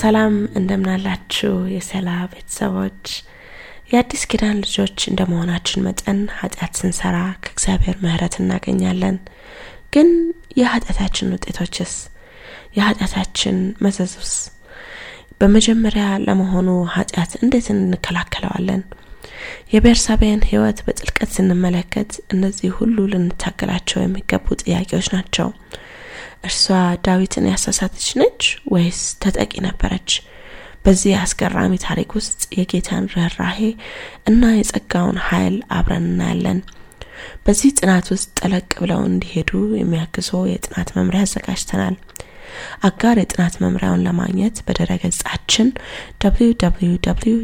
ሰላም እንደምናላችሁ የሰላ ቤተሰቦች የአዲስ ኪዳን ልጆች እንደ መሆናችን መጠን ኃጢአት ስንሰራ ከእግዚአብሔር ምህረት እናገኛለን ግን የኃጢአታችን ውጤቶችስ የኃጢአታችን መዘዙስ በመጀመሪያ ለመሆኑ ኃጢአት እንዴት እንከላከለዋለን የቤርሳቤን ህይወት በጥልቀት ስንመለከት እነዚህ ሁሉ ልንታገላቸው የሚገቡ ጥያቄዎች ናቸው እርሷ ዳዊትን ያሳሳተች ነች ወይስ ተጠቂ ነበረች በዚህ አስገራሚ ታሪክ ውስጥ የጌታን ርኅራሄ እና የጸጋውን ኃይል አብረን እናያለን በዚህ ጥናት ውስጥ ጠለቅ ብለው እንዲሄዱ የሚያግዞ የጥናት መምሪያ አዘጋጅተናል አጋር የጥናት መምሪያውን ለማግኘት በድረገጻችን www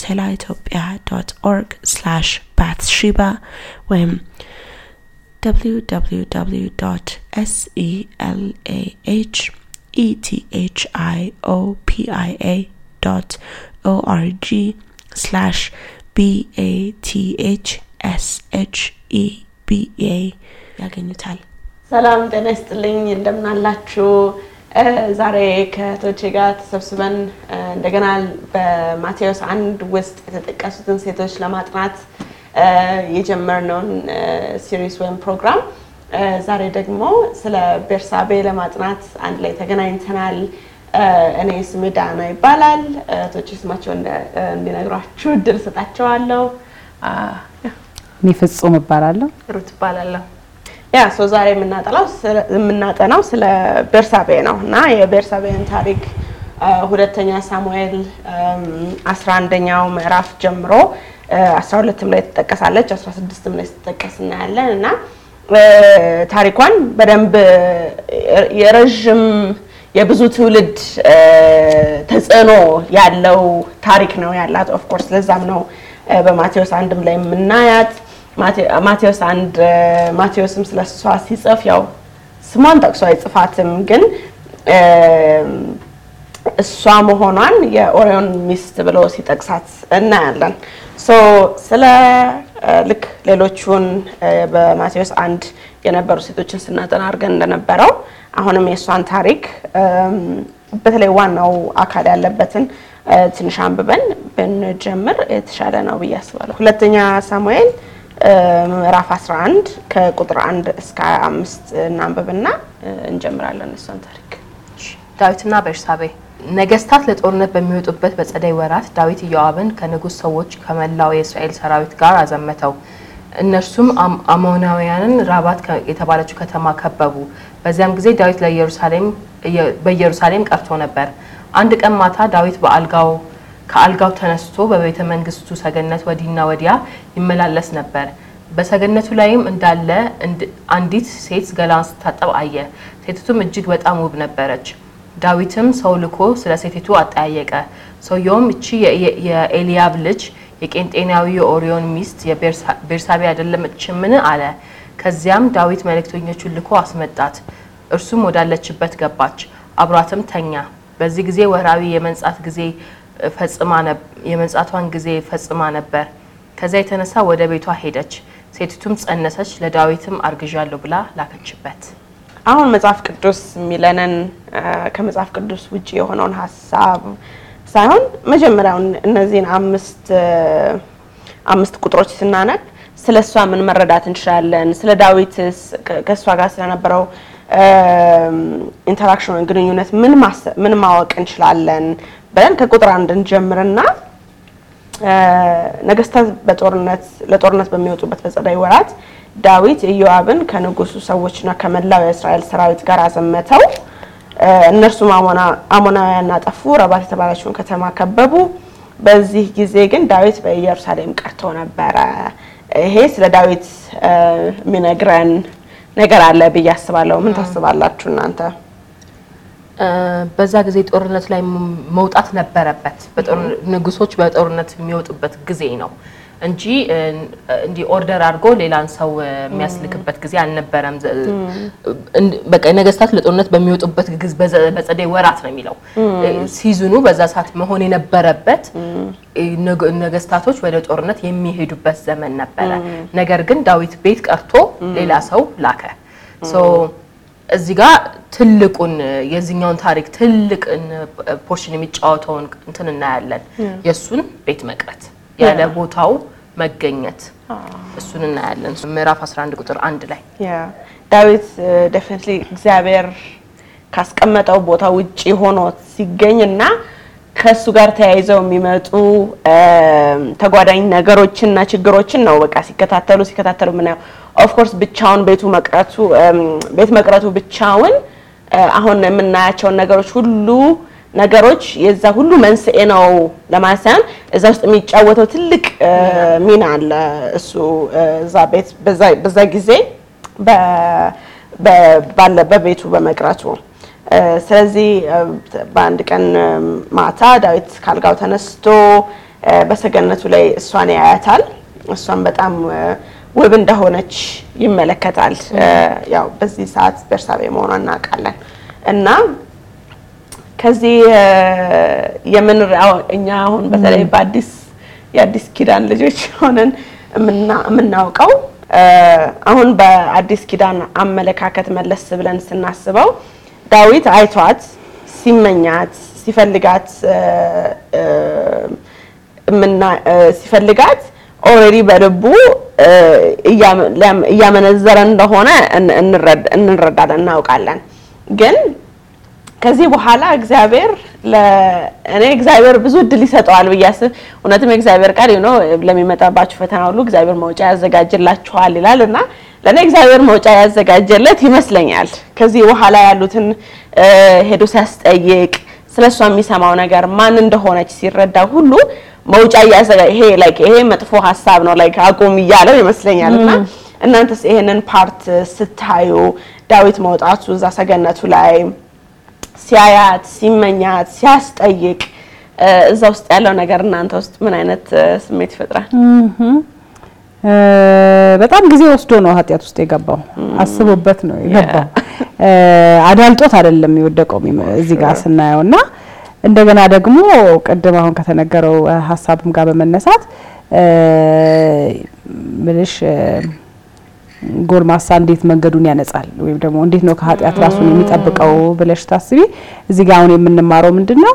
ሴላ ኢትዮጵያ ኦርግ ባትሺባ ወይም www selaheth ethiopia org slash bathsheba ያገኙታል ሰላም ጤና ይስጥልኝ፣ እንደምናላችሁ። ዛሬ ከእህቶቼ ጋር ተሰብስበን እንደገና በማቴዎስ አንድ ውስጥ የተጠቀሱትን ሴቶች ለማጥናት የጀመርነውን ሲሪስ ወይም ፕሮግራም ዛሬ ደግሞ ስለ ቤርሳቤ ለማጥናት አንድ ላይ ተገናኝተናል። እኔ ስሜ ዳና ይባላል። እህቶቼ ስማቸው እንዲነግሯችሁ እድል ሰጣቸዋለሁ። እኔ ፍጹም እባላለሁ። ሩት እባላለሁ። ያ ሰው ዛሬ የምናጠናው ስለ ቤርሳቤ ነው እና የቤርሳቤን ታሪክ ሁለተኛ ሳሙኤል 11ኛው ምዕራፍ ጀምሮ 12ም ላይ ትጠቀሳለች፣ 16ም ላይ ስትጠቀስ እናያለን እና ታሪኳን በደንብ የረጅም የብዙ ትውልድ ተጽዕኖ ያለው ታሪክ ነው ያላት። ኦፍኮርስ ለዛም ነው በማቴዎስ አንድም ላይ የምናያት ማቴዎስ አንድ ማቴዎስም ስለ እሷ ሲጽፍ ያው ስሟን ጠቅሶ አይጽፋትም፣ ግን እሷ መሆኗን የኦሪዮን ሚስት ብሎ ሲጠቅሳት እናያለን። ስለ ልክ ሌሎቹን በማቴዎስ አንድ የነበሩ ሴቶችን ስናጠና አድርገን እንደነበረው አሁንም የእሷን ታሪክ በተለይ ዋናው አካል ያለበትን ትንሽ አንብበን ብንጀምር የተሻለ ነው ብዬ አስባለሁ። ሁለተኛ ሳሙኤል ምዕራፍ 11 ከቁጥር 1 እስከ 5 እናንብብና እንጀምራለን። እሷን ታሪክ ዳዊትና ቤርሳቤ። ነገስታት ለጦርነት በሚወጡበት በጸደይ ወራት ዳዊት ኢዮአብን ከንጉሥ ሰዎች ከመላው የእስራኤል ሰራዊት ጋር አዘመተው። እነርሱም አሞናውያንን ራባት የተባለችው ከተማ ከበቡ። በዚያም ጊዜ ዳዊት በኢየሩሳሌም ቀርቶ ነበር። አንድ ቀን ማታ ዳዊት በአልጋው ከአልጋው ተነስቶ በቤተ መንግስቱ ሰገነት ወዲና ወዲያ ይመላለስ ነበር። በሰገነቱ ላይም እንዳለ አንዲት ሴት ገላዋን ስታጠብ አየ። ሴቲቱም እጅግ በጣም ውብ ነበረች። ዳዊትም ሰው ልኮ ስለ ሴቲቱ አጠያየቀ። ሰውየውም እቺ የኤልያብ ልጅ የቄንጤናዊ የኦሪዮን ሚስት የቤርሳቤ አይደለችምን? አለ። ከዚያም ዳዊት መልእክተኞቹን ልኮ አስመጣት። እርሱም ወዳለችበት ገባች፣ አብሯትም ተኛ። በዚህ ጊዜ ወርሃዊ የመንጻት ጊዜ ፈጽማ የመንጻቷን ጊዜ ፈጽማ ነበር። ከዚያ የተነሳ ወደ ቤቷ ሄደች። ሴቲቱም ጸነሰች፣ ለዳዊትም አርግዣለሁ ብላ ላከችበት። አሁን መጽሐፍ ቅዱስ የሚለንን ከመጽሐፍ ቅዱስ ውጭ የሆነውን ሀሳብ ሳይሆን መጀመሪያውን እነዚህን አምስት አምስት ቁጥሮች ስናነብ ስለ እሷ ምን መረዳት እንችላለን? ስለ ዳዊትስ ከእሷ ጋር ስለነበረው ኢንተራክሽን ግንኙነት ምን ማወቅ እንችላለን ብለን ከቁጥር አንድ እንጀምርና ነገስታት በጦርነት ለጦርነት በሚወጡበት በጸደይ ወራት ዳዊት ኢዮአብን ከንጉሱ ሰዎችና ከመላው የእስራኤል ሰራዊት ጋር አዘመተው። እነርሱም አሞናውያን አጠፉ፣ ረባት የተባለችውን ከተማ ከበቡ። በዚህ ጊዜ ግን ዳዊት በኢየሩሳሌም ቀርቶ ነበረ። ይሄ ስለ ዳዊት የሚነግረን ነገር አለ ብዬ አስባለሁ። ምን ታስባላችሁ እናንተ? በዛ ጊዜ ጦርነት ላይ መውጣት ነበረበት። ንጉሶች በጦርነት የሚወጡበት ጊዜ ነው እንጂ እንዲህ ኦርደር አድርጎ ሌላን ሰው የሚያስልክበት ጊዜ አልነበረም። በቃ ነገስታት ለጦርነት በሚወጡበት ጊዜ በጸደይ ወራት ነው የሚለው ሲዝኑ በዛ ሰዓት መሆን የነበረበት ነገስታቶች ወደ ጦርነት የሚሄዱበት ዘመን ነበረ። ነገር ግን ዳዊት ቤት ቀርቶ ሌላ ሰው ላከ። እዚህ ጋር ትልቁን የዚህኛውን ታሪክ ትልቅ ፖርሽን የሚጫወተውን እንትን እናያለን። የእሱን ቤት መቅረት ያለ ቦታው መገኘት እሱን እናያለን። ምዕራፍ 11 ቁጥር አንድ ላይ ዳዊት ዴፊኒትሊ እግዚአብሔር ካስቀመጠው ቦታ ውጪ ሆኖ ሲገኝ እና ከእሱ ጋር ተያይዘው የሚመጡ ተጓዳኝ ነገሮችና ችግሮችን ነው በቃ ሲከታተሉ ሲከታተሉ ምናየው ኦፍኮርስ ብቻውን ቤቱ መቅረቱ ቤት መቅረቱ ብቻውን አሁን የምናያቸውን ነገሮች ሁሉ ነገሮች የዛ ሁሉ መንስኤ ነው ለማለት ሳይሆን እዛ ውስጥ የሚጫወተው ትልቅ ሚና አለ። እሱ እዛ ቤት በዛ ጊዜ ባለ በቤቱ በመቅረቱ ስለዚህ በአንድ ቀን ማታ ዳዊት ካልጋው ተነስቶ በሰገነቱ ላይ እሷን ያያታል። እሷን በጣም ውብ እንደሆነች ይመለከታል። ያው በዚህ ሰዓት ቤርሳቤ መሆኗ እናውቃለን እና ከዚህ የምንሪያው እኛ አሁን በተለይ በአዲስ የአዲስ ኪዳን ልጆች ሆነን የምናውቀው አሁን በአዲስ ኪዳን አመለካከት መለስ ብለን ስናስበው ዳዊት አይቷት ሲመኛት ሲፈልጋት ሲፈልጋት ኦልሬዲ በልቡ እያመነዘረ እንደሆነ እንረዳለን፣ እናውቃለን። ግን ከዚህ በኋላ እግዚአብሔር እኔ እግዚአብሔር ብዙ እድል ይሰጠዋል ብዬ እውነትም የእግዚአብሔር ቃል ነው ለሚመጣባችሁ ፈተና ሁሉ እግዚአብሔር መውጫ ያዘጋጅላችኋል ይላል እና ለእኔ እግዚአብሔር መውጫ ያዘጋጀለት ይመስለኛል። ከዚህ በኋላ ያሉትን ሄዶ ሲያስጠይቅ ስለ እሷ የሚሰማው ነገር ማን እንደሆነች ሲረዳ ሁሉ መውጫ እያዘጋ ይሄ ላይክ ይሄ መጥፎ ሀሳብ ነው ላይክ አቁም እያለው ይመስለኛል። እና እናንተስ ይሄንን ፓርት ስታዩ ዳዊት መውጣቱ እዛ ሰገነቱ ላይ ሲያያት፣ ሲመኛት፣ ሲያስጠይቅ እዛ ውስጥ ያለው ነገር እናንተ ውስጥ ምን አይነት ስሜት ይፈጥራል? በጣም ጊዜ ወስዶ ነው ኃጢአት ውስጥ የገባው። አስቦበት ነው የገባው። አዳልጦት አይደለም የወደቀው እዚህ ጋር ስናየውና እንደገና ደግሞ ቅድም አሁን ከተነገረው ሀሳብም ጋር በመነሳት ምልሽ ጎልማሳ እንዴት መንገዱን ያነጻል ወይም ደግሞ እንዴት ነው ከኃጢአት ራሱን የሚጠብቀው ብለሽ ታስቢ። እዚህ ጋር አሁን የምንማረው ምንድን ነው?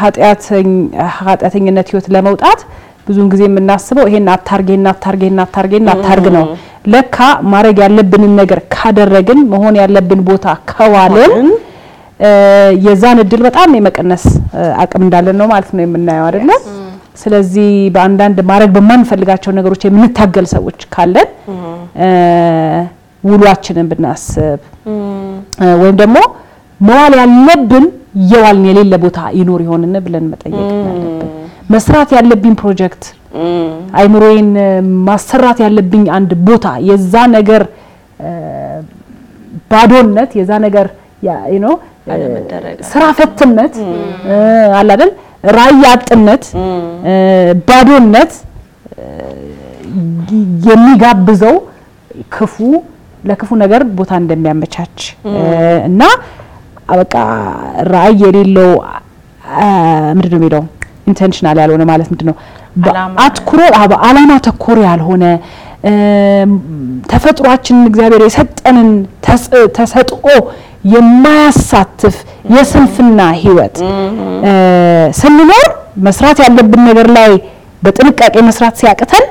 ኃጢአተኝነት ህይወት ለመውጣት ብዙውን ጊዜ የምናስበው ይሄን አታርጌና አታርጌና አታርጌና አታርግ ነው። ለካ ማድረግ ያለብንን ነገር ካደረግን መሆን ያለብን ቦታ ከዋልን የዛን እድል በጣም የመቀነስ አቅም እንዳለን ነው ማለት ነው የምናየው አይደለ? ስለዚህ በአንዳንድ ማድረግ በማንፈልጋቸው ነገሮች የምንታገል ሰዎች ካለን ውሏችንን ብናስብ ወይም ደግሞ መዋል ያለብን እየዋልን የሌለ ቦታ ይኖር ይሆንን ብለን መጠየቅ ያለብን መስራት ያለብኝ ፕሮጀክት አይምሮዬን ማሰራት ያለብኝ አንድ ቦታ የዛ ነገር ባዶነት የዛ ነገር ስራ ፈትነት አለ አይደል አጥነት ባዶነት የሚጋብዘው ክፉ ለክፉ ነገር ቦታ እንደሚያመቻች እና በቃ ራዕይ የሌለው ምንድን ነው የሚለው ኢንቴንሽናል ያልሆነ ማለት ምንድን ነው አትኩሮ አላማ ተኮር ያልሆነ ተፈጥሯችንን እግዚአብሔር የሰጠንን ተሰጥኦ የማያሳትፍ የስንፍና ህይወት ስንኖር መስራት ያለብን ነገር ላይ በጥንቃቄ መስራት ሲያቅተን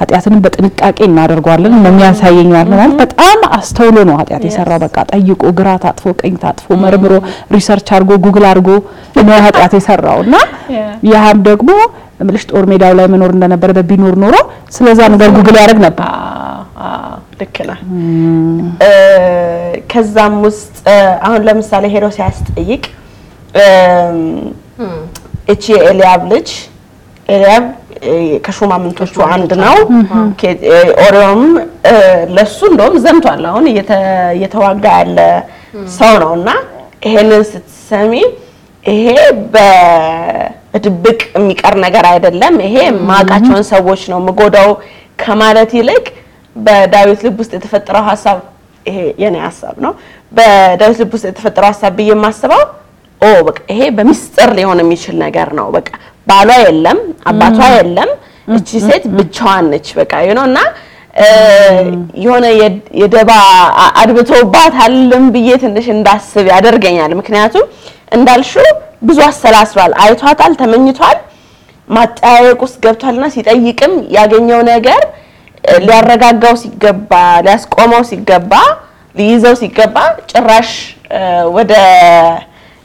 ኃጢአትንም በጥንቃቄ እናደርጓለን ነው የሚያሳየኝ ማለት በጣም አስተውሎ ነው ኃጢአት የሰራው በቃ ጠይቆ ግራ ታጥፎ ቀኝ ታጥፎ መርምሮ ሪሰርች አድርጎ ጉግል አድርጎ ነው ኃጢአት የሰራው እና ያህም ደግሞ ምልሽ ጦር ሜዳው ላይ መኖር እንደነበረ በቢኖር ኖሮ ስለዛ ነገር ጉግል ያደርግ ነበር ልክ ነህ። ከዛም ውስጥ አሁን ለምሳሌ ሄዶ ሲያስጠይቅ እቺ የኤልያብ ልጅ ኤልያብ ከሹማምንቶቹ አንድ ነው። ኦሪዮም ለሱ እንደውም ዘምቷል። አሁን እየተዋጋ ያለ ሰው ነው እና ይሄንን ስትሰሚ ይሄ በድብቅ የሚቀር ነገር አይደለም። ይሄ ማቃቸውን ሰዎች ነው ምጎዳው ከማለት ይልቅ በዳዊት ልብ ውስጥ የተፈጠረው ሀሳብ ይሄ የኔ ሀሳብ ነው። በዳዊት ልብ ውስጥ የተፈጠረው ሀሳብ ብዬ የማስበው ኦ በቃ ይሄ በሚስጥር ሊሆን የሚችል ነገር ነው። በቃ ባሏ የለም፣ አባቷ የለም፣ እቺ ሴት ብቻዋን ነች። በቃ ዩ ኖ እና የሆነ የደባ አድብቶባታልም ብዬ ትንሽ እንዳስብ ያደርገኛል። ምክንያቱም እንዳልሽው ብዙ አሰላስሏል፣ አይቷታል፣ ተመኝቷል፣ ማጠያየቅ ውስጥ ገብቷልና ሲጠይቅም ያገኘው ነገር ሊያረጋጋው ሲገባ ሊያስቆመው ሲገባ ሊይዘው ሲገባ ጭራሽ ወደ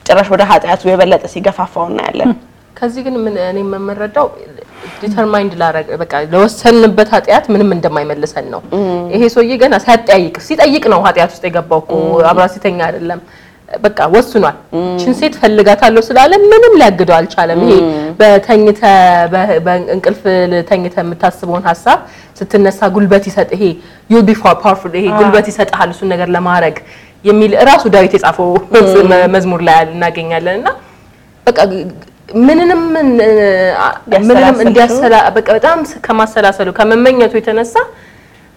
ጭራሽ ወደ ኃጢአቱ የበለጠ ሲገፋፋው እናያለን። ከዚህ ግን ምን እኔ የምመረዳው ዲተርማይንድ ላረግ በቃ ለወሰንበት ኃጢአት ምንም እንደማይመልሰን ነው። ይሄ ሰውዬ ገና ሳያጠያይቅ ሲጠይቅ ነው ኃጢአት ውስጥ የገባው እኮ አብራ ሲተኛ አይደለም በቃ ወስኗል። ችን ሴት ፈልጋታለሁ ስላለ ምንም ሊያግደው አልቻለም። ይሄ በተኝተ በእንቅልፍ ተኝተ የምታስበውን ሀሳብ ስትነሳ ጉልበት ይሰጥ ይሄ ዩ ቢ ፓወርፉል ይሄ ጉልበት ይሰጥሃል እሱን ነገር ለማድረግ የሚል እራሱ ዳዊት የጻፈው መዝሙር ላይ እናገኛለን እና በቃ ምንንም ምንንም እንዲያሰላ በቃ በጣም ከማሰላሰሉ ከመመኘቱ የተነሳ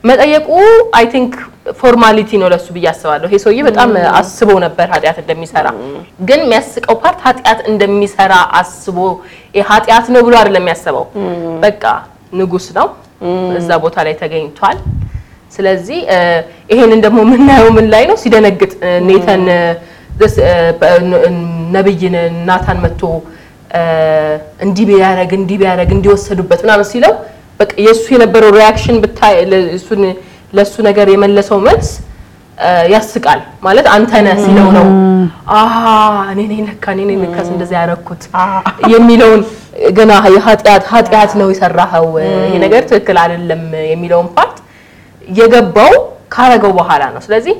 መጠየቁ አይ ቲንክ ፎርማሊቲ ነው ለሱ ብዬ አስባለሁ። ይሄ ሰውዬ በጣም አስቦ ነበር ኃጢአት እንደሚሰራ። ግን የሚያስቀው ፓርት ኃጢአት እንደሚሰራ አስቦ ኃጢአት ነው ብሎ አይደለም የሚያስበው። በቃ ንጉስ ነው እዛ ቦታ ላይ ተገኝቷል። ስለዚህ ይሄንን ደግሞ የምናየው ምን ላይ ነው? ሲደነግጥ ኔተን ነብይን ናታን መጥቶ እንዲህ ቢያደርግ እንዲህ ቢያደርግ እንዲወሰዱበት ምናምን ሲለው በቃ የእሱ የነበረው ሪያክሽን ብታይ እሱን ለእሱ ነገር የመለሰው መልስ ያስቃል። ማለት አንተ ነህ ሲለው ነው አሀ እኔ ነኝ ለካ እኔ ነኝ ለካስ እንደዚህ ያደረኩት የሚለውን ገና የኃጢአት ኃጢአት ነው የሰራኸው ይሄ ነገር ትክክል አይደለም የሚለውን ፓርት የገባው ካረገው በኋላ ነው። ስለዚህ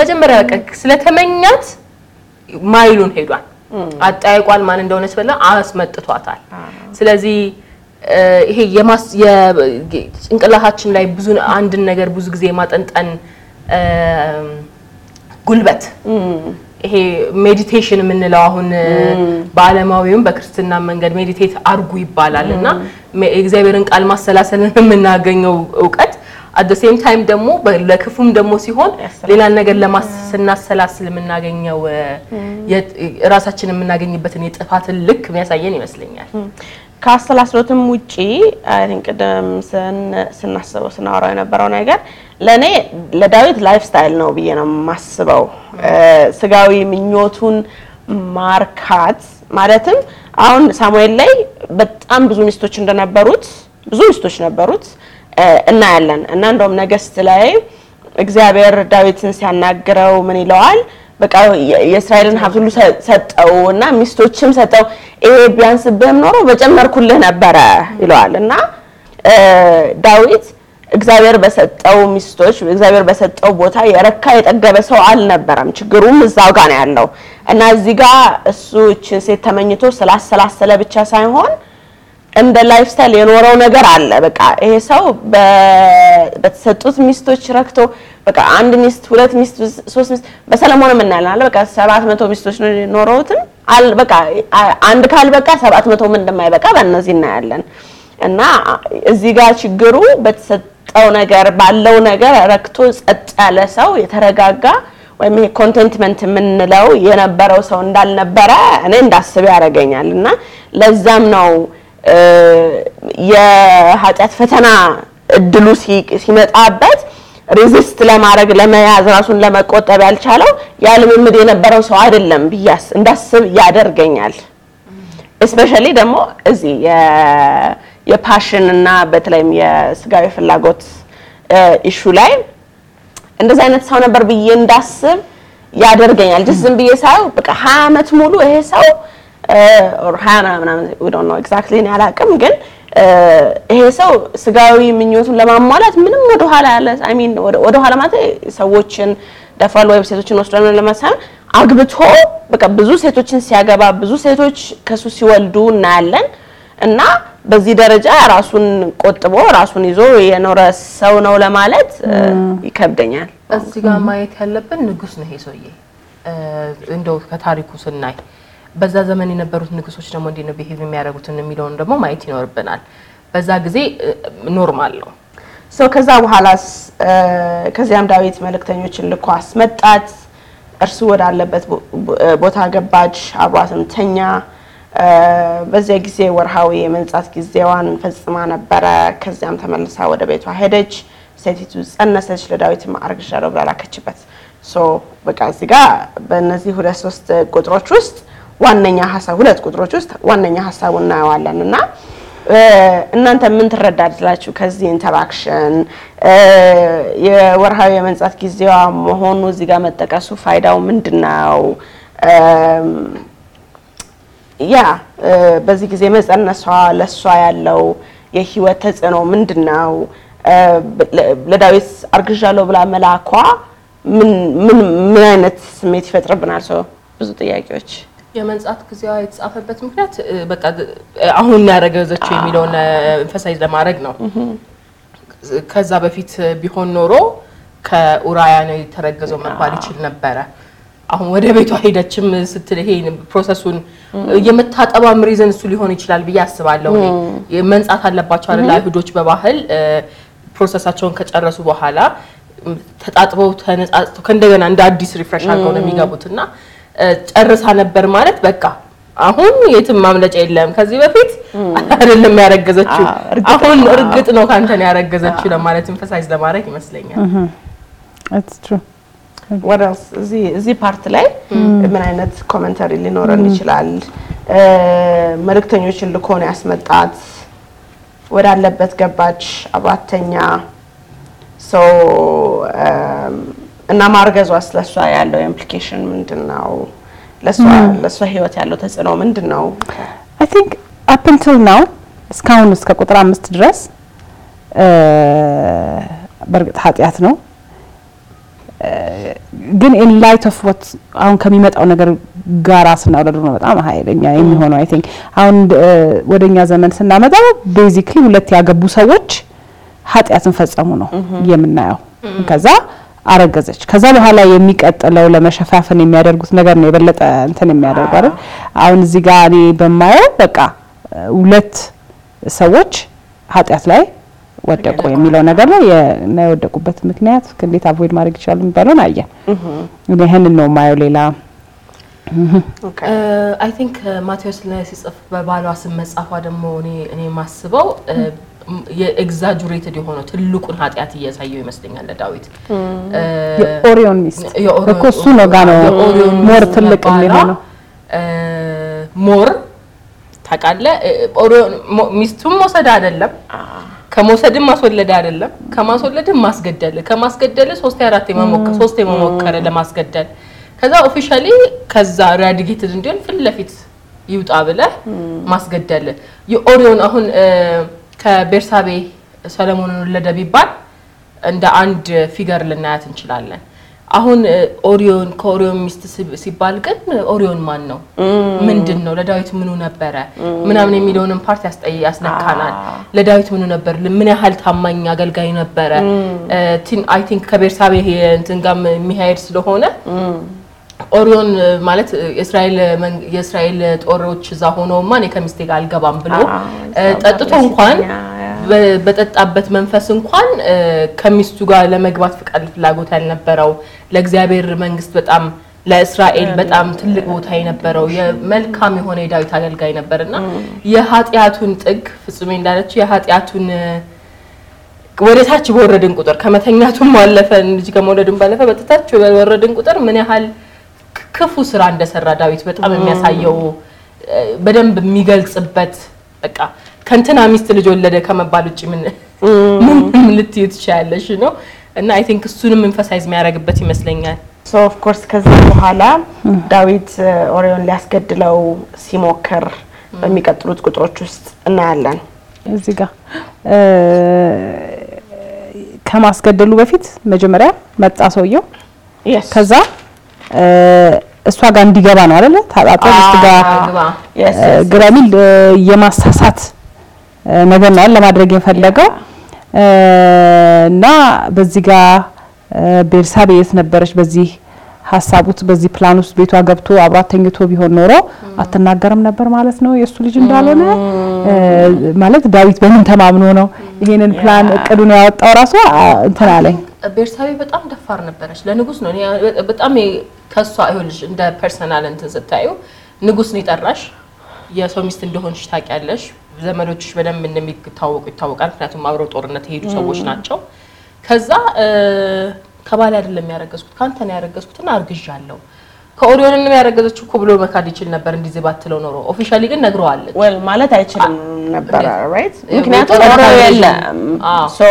መጀመሪያ በቃ ስለተመኛት ማይሉን ሄዷል፣ አጠያይቋል፣ ማን እንደሆነች በላ አስመጥቷታል። ስለዚህ ይሄ ጭንቅላታችን ላይ ብዙ አንድን ነገር ብዙ ጊዜ የማጠንጠን ጉልበት ይሄ ሜዲቴሽን የምንለው አሁን በዓለማዊውም በክርስትና መንገድ ሜዲቴት አርጉ ይባላል እና የእግዚአብሔርን ቃል ማሰላሰልን የምናገኘው እውቀት አደ ሴም ታይም ደግሞ ለክፉም ደግሞ ሲሆን ሌላን ነገር ስናሰላስል የምናገኘው ራሳችን የምናገኝበትን የጥፋትን ልክ የሚያሳየን ይመስለኛል። ከአሰላስሎትም ውጪ አይ ቅድም ስናስበው ስናወራው የነበረው ነገር ለእኔ ለዳዊት ላይፍ ስታይል ነው ብዬ ነው የማስበው። ስጋዊ ምኞቱን ማርካት ማለትም አሁን ሳሙኤል ላይ በጣም ብዙ ሚስቶች እንደነበሩት ብዙ ሚስቶች ነበሩት እናያለን እና እንደውም ነገስት ላይ እግዚአብሔር ዳዊትን ሲያናግረው ምን ይለዋል? በቃ የእስራኤልን ሀብት ሁሉ ሰጠው እና ሚስቶችም ሰጠው። ይሄ ቢያንስ ብህም ኖሮ በጨመርኩልህ ነበረ ይለዋል እና ዳዊት እግዚአብሔር በሰጠው ሚስቶች እግዚአብሔር በሰጠው ቦታ የረካ የጠገበ ሰው አልነበረም። ችግሩም እዛው ጋር ነው ያለው እና እዚህ ጋር እሱ እችን ሴት ተመኝቶ ስላሰላሰለ ብቻ ሳይሆን እንደ ላይፍ ስታይል የኖረው ነገር አለ። በቃ ይሄ ሰው በተሰጡት ሚስቶች ረክቶ በቃ አንድ ሚስት፣ ሁለት ሚስት፣ ሶስት ሚስት በሰለሞን የምናያለን አለ በቃ ሰባት መቶ ሚስቶች ኖረውትም በቃ አንድ ካልበቃ ሰባት መቶ ምን እንደማይበቃ በእነዚህ እናያለን። እና እዚህ ጋር ችግሩ በተሰጠው ነገር ባለው ነገር ረክቶ ጸጥ ያለ ሰው የተረጋጋ ወይም ይሄ ኮንቴንትመንት የምንለው የነበረው ሰው እንዳልነበረ እኔ እንዳስብ ያደርገኛል። እና ለዛም ነው የኃጢአት ፈተና እድሉ ሲመጣበት ሬዚስት ለማድረግ ለመያዝ ራሱን ለመቆጠብ ያልቻለው ያ ልምምድ የነበረው ሰው አይደለም ብያስ እንዳስብ ያደርገኛል። እስፔሻሊ ደግሞ እዚህ የፓሽን እና በተለይም የስጋዊ ፍላጎት ኢሹ ላይ እንደዚህ አይነት ሰው ነበር ብዬ እንዳስብ ያደርገኛል። ጅዝም ብዬ ሳየው በቃ ሀያ አመት ሙሉ ይሄ ሰው ኦር ሃና ምናምን ዶንት ኖ ኤግዛክትሊ እኔ አላውቅም ግን ይሄ ሰው ስጋዊ ምኞቱን ለማሟላት ምንም ወደ ኋላ ያለ አይ ሚን ወደ ኋላ ማለት ሰዎችን ደፋል ወይም ሴቶችን ወስዶ ለማሳየት አግብቶ በቃ ብዙ ሴቶችን ሲያገባ ብዙ ሴቶች ከሱ ሲወልዱ እናያለን። እና በዚህ ደረጃ ራሱን ቆጥቦ ራሱን ይዞ የኖረ ሰው ነው ለማለት ይከብደኛል። እዚህ ጋር ማየት ያለብን ንጉስ ነው ይሄ ሰውዬ እንደው ከታሪኩ ስናይ በዛ ዘመን የነበሩት ንጉሶች ደግሞ እንዴት ነው ቢሄቭ የሚያደርጉትን የሚለውን ደግሞ ማየት ይኖርብናል። በዛ ጊዜ ኖርማል ነው። ከዛ በኋላ ከዚያም ዳዊት መልእክተኞችን ልኮ አስመጣት። እርሱ ወዳለበት ቦታ ገባች፣ አብሯትም ተኛ። በዚያ ጊዜ ወርሃዊ የመንጻት ጊዜዋን ፈጽማ ነበረ። ከዚያም ተመልሳ ወደ ቤቷ ሄደች። ሴቲቱ ጸነሰች፣ ለዳዊትም አርግዣለሁ ብላ ላከችበት። በቃ እዚህ ጋር በእነዚህ ሁለት ሶስት ቁጥሮች ውስጥ ዋነኛ ሀሳብ ሁለት ቁጥሮች ውስጥ ዋነኛ ሀሳቡ እናየዋለን እና እናንተ ምን ትረዳላችሁ ከዚህ ኢንተራክሽን? የወርሃዊ የመንጻት ጊዜዋ መሆኑ እዚህ ጋር መጠቀሱ ፋይዳው ምንድን ነው? ያ በዚህ ጊዜ መጸነሷ ለእሷ ያለው የህይወት ተጽዕኖ ምንድን ነው? ለዳዊት አርግዣለሁ ብላ መላኳ ምን ምን አይነት ስሜት ይፈጥርብናል? ሰው ብዙ ጥያቄዎች የመንጻት ጊዜዋ የተጻፈበት ምክንያት በቃ አሁን ያረገዘችው የሚለውን ኤምፈሳይዝ ለማድረግ ነው። ከዛ በፊት ቢሆን ኖሮ ከኡራያ ነው የተረገዘው መባል ይችል ነበረ። አሁን ወደ ቤቷ ሄደችም ስትል ይሄን ፕሮሰሱን የመታጠቧም ሪዘን እሱ ሊሆን ይችላል ብዬ አስባለሁ። መንጻት አለባቸው አይደል አይሁዶች በባህል ፕሮሰሳቸውን ከጨረሱ በኋላ ተጣጥበው ተነጻጽተው ከእንደገና እንደ አዲስ ሪፍሬሽ አድርገው ነው የሚገቡት እና ጨርሳ ነበር ማለት በቃ አሁን የትም ማምለጫ የለም። ከዚህ በፊት አይደለም ያረገዘችው፣ አሁን እርግጥ ነው ካንተ ነው ያረገዘችው ለማለት ኢንፈሳይዝ ለማድረግ ይመስለኛል። እዚህ ፓርት ላይ ምን አይነት ኮመንተሪ ሊኖረን ይችላል? መልእክተኞችን ልኮ ነው ያስመጣት። ወዳለበት ገባች አባተኛ እና ማርገዟ ስለሷ ያለው ኢምፕሊኬሽን ምንድን ነው? ለእሷ ህይወት ያለው ተጽዕኖ ምንድን ነው? አይ ቲንክ አፕ እንቲል ናው እስካሁን እስከ ቁጥር አምስት ድረስ በእርግጥ ኃጢአት ነው፣ ግን ኢን ላይት ኦፍ ወት አሁን ከሚመጣው ነገር ጋራ ስናወረዱ ነው በጣም ሀይለኛ የሚሆነው። አይ ቲንክ አሁን ወደ እኛ ዘመን ስናመጣው ቤዚክሊ ሁለት ያገቡ ሰዎች ኃጢአትን ፈጸሙ ነው የምናየው ከዛ አረገዘች። ከዛ በኋላ የሚቀጥለው ለመሸፋፈን የሚያደርጉት ነገር ነው የበለጠ እንትን የሚያደርጉ አይደል? አሁን እዚህ ጋር እኔ በማየው በቃ ሁለት ሰዎች ኃጢአት ላይ ወደቁ የሚለው ነገር ላይ እና የወደቁበት ምክንያት እንዴት አቮይድ ማድረግ ይችላል የሚባለውን አየን። ይህንን ነው የማየው። ሌላ አይ ቲንክ ማቴዎስ ላይ ሲጽፍ በባሏ ስም መጻፏ ደግሞ እኔ ማስበው የኤግዛጁሬትድ የሆነው ትልቁን ኃጢአት እያሳየው ይመስለኛል። ለዳዊት የኦሪዮን ሚስት እኮ እሱ ነው ጋ ነው ሞር ትልቅ የሚሆነው ሞር ታውቃለህ፣ ኦሪዮን ሚስቱን መውሰድ አይደለም ከመውሰድም ማስወለድ አይደለም ከማስወለድም ማስገደል ከማስገደል ሶስት አራት የመሞከር ሶስት የመሞከር ለማስገደል ከዛ ኦፊሻሊ ከዛ ራዲጌትድ እንዲሆን ፊት ለፊት ይውጣ ብለህ ማስገደል የኦሪዮን አሁን ከቤርሳቤ ሰለሞንን ወለደ ቢባል እንደ አንድ ፊገር ልናያት እንችላለን። አሁን ኦሪዮን ከኦሪዮን ሚስት ሲባል ግን ኦሪዮን ማን ነው? ምንድን ነው? ለዳዊት ምኑ ነበረ? ምናምን የሚለውንም ፓርት ያስነካናል። ለዳዊት ምኑ ነበር? ምን ያህል ታማኝ አገልጋይ ነበረ? አይ ቲንክ ከቤርሳቤ እንትን ጋር የሚሄድ ስለሆነ ኦሪዮን ማለት የእስራኤል ጦሮች እዛ ሆነውማ እኔ ከሚስቴ ጋር አልገባም ብሎ ጠጥቶ እንኳን በጠጣበት መንፈስ እንኳን ከሚስቱ ጋር ለመግባት ፍቃድ ፍላጎት ያልነበረው ለእግዚአብሔር መንግስት በጣም ለእስራኤል በጣም ትልቅ ቦታ የነበረው የመልካም የሆነ የዳዊት አገልጋይ ነበር ነበርና የኃጢአቱን ጥግ ፍጹሜ እንዳለችው የኃጢአቱን ወደ ታች በወረድን ቁጥር ከመተኛቱም ባለፈ ልጅ ከመውለድን ባለፈ በታች በወረድን ቁጥር ምን ያህል ክፉ ስራ እንደሰራ ዳዊት በጣም የሚያሳየው በደንብ የሚገልጽበት በቃ ከእንትና ሚስት ልጅ ወለደ ከመባል ውጭ ምን ምን ልትዩ ትችያለሽ ነው እና አይ ቲንክ እሱንም ኤምፋሳይዝ የሚያደርግበት ይመስለኛል። ሶ ኦፍ ኮርስ ከዛ በኋላ ዳዊት ኦሪዮን ሊያስገድለው ሲሞክር በሚቀጥሉት ቁጥሮች ውስጥ እናያለን። እዚህ ጋር ከማስገደሉ በፊት መጀመሪያ መጣ ሰውየው ከዛ እሷ ጋር እንዲገባ ነው አይደለ? ታጣጣ ውስጥ ጋር ግራ የሚል የማሳሳት ነገር ነው ለማድረግ የፈለገው እና በዚህ ጋር ቤርሳቤ የት ነበረች በዚህ ሀሳቡት በዚህ ፕላን ውስጥ ቤቷ ገብቶ አብሯት ተኝቶ ቢሆን ኖሮ አትናገርም ነበር ማለት ነው። የእሱ ልጅ እንዳልሆነ ማለት ዳዊት በምን ተማምኖ ነው ይሄንን ፕላን እቅዱን ያወጣው? ራሱ እንትን አለኝ። ቤርሳቤ በጣም ደፋር ነበረች። ለንጉስ ነው በጣም ከሷ ልጅ እንደ ፐርሰናል እንትን ስታዩ ንጉስ ነው የጠራሽ። የሰው ሚስት እንደሆንሽ ታውቂያለሽ። ዘመዶችሽ በደንብ እንደሚታወቁ ይታወቃል። ምክንያቱም አብረው ጦርነት የሄዱ ሰዎች ናቸው። ከዛ ከባሌ አይደለም ያረገዝኩት ከአንተ ነው ያረገዝኩትና አርግዣለሁ ከኦሪዮንም ያረገዘችው እኮ ብሎ መካድ ይችል ነበር። እንደዚህ ባትለው ኖሮ ኦፊሻሊ ግን ነግረዋለች። ወል ማለት አይችልም ነበር ራይት። ምክንያቱም ኦሪዮ የለም። ሶ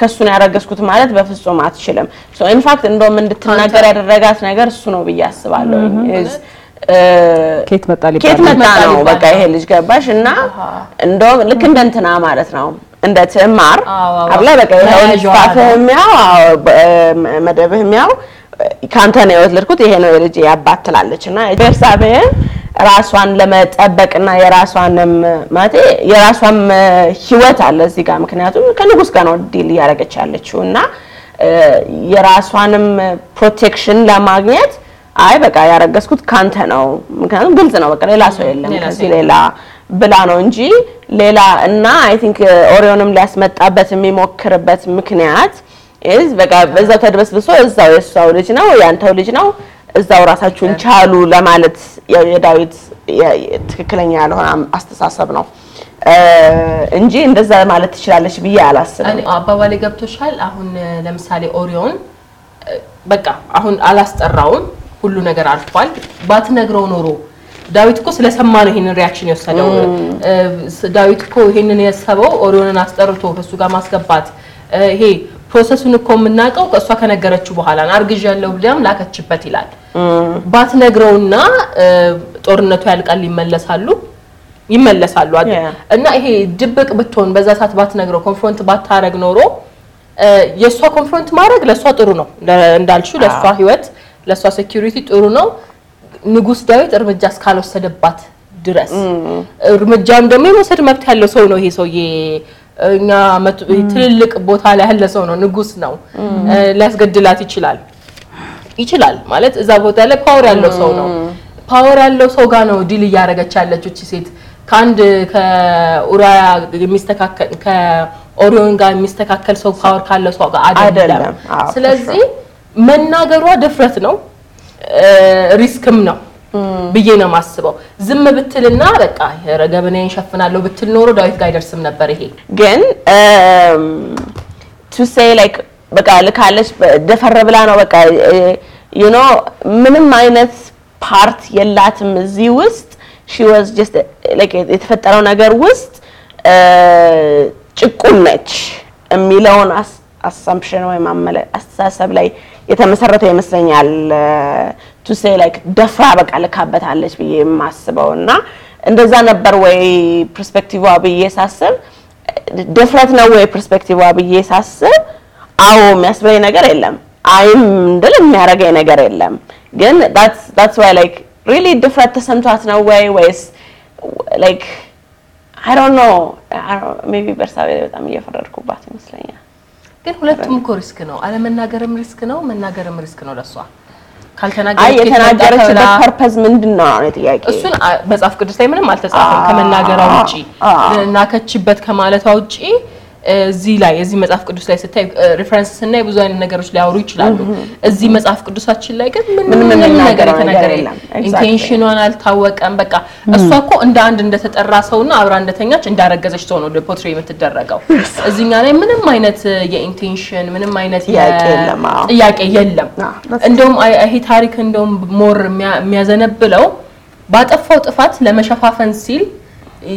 ከሱ ነው ያረገዝኩት ማለት በፍጹም አትችልም። ሶ ኢንፋክት እንደውም እንድትናገር ያደረጋት ነገር እሱ ነው ብዬ አስባለሁ። ኬት መጣ ኬት መጣ ነው በቃ ይሄ ልጅ ገባሽ እና እንደውም ልክ እንደ እንትና ማለት ነው እንደ ትማር አለ በቃ ይሄው ፋፍህም ያው መደብህም ያው ካንተ ነው የወለድኩት ይሄ ነው የልጅ ያባት ትላለች እና ቤርሳቤህን ራሷን ለመጠበቅና የራሷንም ማለት የራሷም ህይወት አለ እዚህ ጋር ምክንያቱም ከንጉስ ጋር ነው ዲል እያደረገች ያለችው እና የራሷንም ፕሮቴክሽን ለማግኘት አይ በቃ ያረገዝኩት ካንተ ነው ምክንያቱም ግልጽ ነው በቃ ሌላ ሰው የለም ከዚህ ሌላ ብላ ነው እንጂ ሌላ እና አይ ቲንክ uh, ኦሪዮንም ሊያስመጣበት የሚሞክርበት ምክንያት ኢዝ በቃ በዛው ተድበስብሶ እዛው የሷው ልጅ ነው ያንተው ልጅ ነው እዛው ራሳችሁን ቻሉ ለማለት የዳዊት ትክክለኛ ያልሆነ አስተሳሰብ ነው uh, እንጂ እንደዛ ማለት ትችላለች ብዬ አላስብም። አባባሌ ገብቶሻል? አሁን uh, ለምሳሌ ኦሪዮን በቃ አሁን አላስጠራውም፣ ሁሉ ነገር አልፏል። ባትነግረው ኖሮ ዳዊት እኮ ስለሰማ ነው ይሄንን ሪያክሽን የወሰደው። ዳዊት እኮ ይሄንን ያሰበው ኦሪዮንን አስጠርቶ ከሱ ጋር ማስገባት ይሄ ፕሮሰሱን እኮ የምናውቀው እሷ ከነገረችው በኋላ አርግዣ ያለው ብላም ላከችበት ይላል። ባትነግረውና ጦርነቱ ያልቃል ይመለሳሉ ይመለሳሉ እና ይሄ ድብቅ ብትሆን በዛ ሰዓት ባትነግረው ኮንፍሮንት ባታረግ ኖሮ የእሷ ኮንፍሮንት ማድረግ ለእሷ ጥሩ ነው እንዳልሹ ለእሷ ህይወት ለእሷ ሴኪሪቲ ጥሩ ነው። ንጉስ ዳዊት እርምጃ እስካልወሰደባት ድረስ እርምጃም ደግሞ የመውሰድ መብት ያለው ሰው ነው ይሄ ሰውዬ። እኛ ትልልቅ ቦታ ላይ ያለ ሰው ነው፣ ንጉስ ነው። ሊያስገድላት ይችላል ይችላል ማለት እዛ ቦታ ላይ ፓወር ያለው ሰው ነው። ፓወር ያለው ሰው ጋር ነው ዲል እያደረገች ያለችው እቺ ሴት ከአንድ ከኡራያ የሚስተካከል ከኦሪዮን ጋር የሚስተካከል ሰው ፓወር ካለው ሰው ጋር አይደለም። ስለዚህ መናገሯ ድፍረት ነው። ሪስክም ነው ብዬ ነው የማስበው። ዝም ብትልና በቃ ረገብናዬን እንሸፍናለሁ ብትል ኖሮ ዳዊት ጋር አይደርስም ነበር። ይሄ ግን ቱ ሴይ ላይክ በቃ ልካለች ደፈረ ብላ ነው በቃ ዩ ኖ ምንም አይነት ፓርት የላትም እዚህ ውስጥ ሺ ዋዝ ጀስት ላይክ የተፈጠረው ነገር ውስጥ ጭቁን ነች የሚለውን አሳምፕሽን ወይም አስተሳሰብ ላይ የተመሰረተ ይመስለኛል። ቱሴ ላይክ ደፍራ በቃ ልካበታለች ብዬ የማስበው እና እንደዛ ነበር ወይ ፐርስፔክቲቭዋ ብዬ ሳስብ ድፍረት ነው ወይ ፐርስፔክቲቭዋ ብዬ ሳስብ፣ አዎ የሚያስብለኝ ነገር የለም። አይም እንድል የሚያደርገኝ ነገር የለም። ግን ዳትስ ዋይ ላይክ ሪሊ ድፍረት ተሰምቷት ነው ወይ ወይስ ላይክ አይ ዶንት ኖ ሜይ ቢ በርሳቤ በጣም እየፈረድኩባት ይመስለኛል። ግን ሁለቱም እኮ ሪስክ ነው። አለመናገርም ሪስክ ነው፣ መናገርም ሪስክ ነው ለሷ ካልተናገረች የተናገረችበት ፐርፐዝ ምንድን ነው ነው ጥያቄ። እሱን መጽሐፍ ቅዱስ ላይ ምንም አልተጻፈም ከመናገሯ ውጪ ናከችበት ከማለቷ ውጪ እዚህ ላይ እዚህ መጽሐፍ ቅዱስ ላይ ስታይ ሪፈረንስ ስናይ ብዙ አይነት ነገሮች ሊያወሩ ይችላሉ። እዚህ መጽሐፍ ቅዱሳችን ላይ ግን ምንም ነገር የተነገረ የለም። ኢንቴንሽኗን አልታወቀም። በቃ እሷ እኮ እንደ አንድ እንደተጠራ ሰውና አብራ እንደተኛች እንዳረገዘች ሰው ነው ፖትሬ የምትደረገው። እዚህኛ ላይ ምንም አይነት የኢንቴንሽን ምንም አይነት ጥያቄ የለም። እንደውም ይሄ ታሪክ እንደውም ሞር የሚያዘነብለው ባጠፋው ጥፋት ለመሸፋፈን ሲል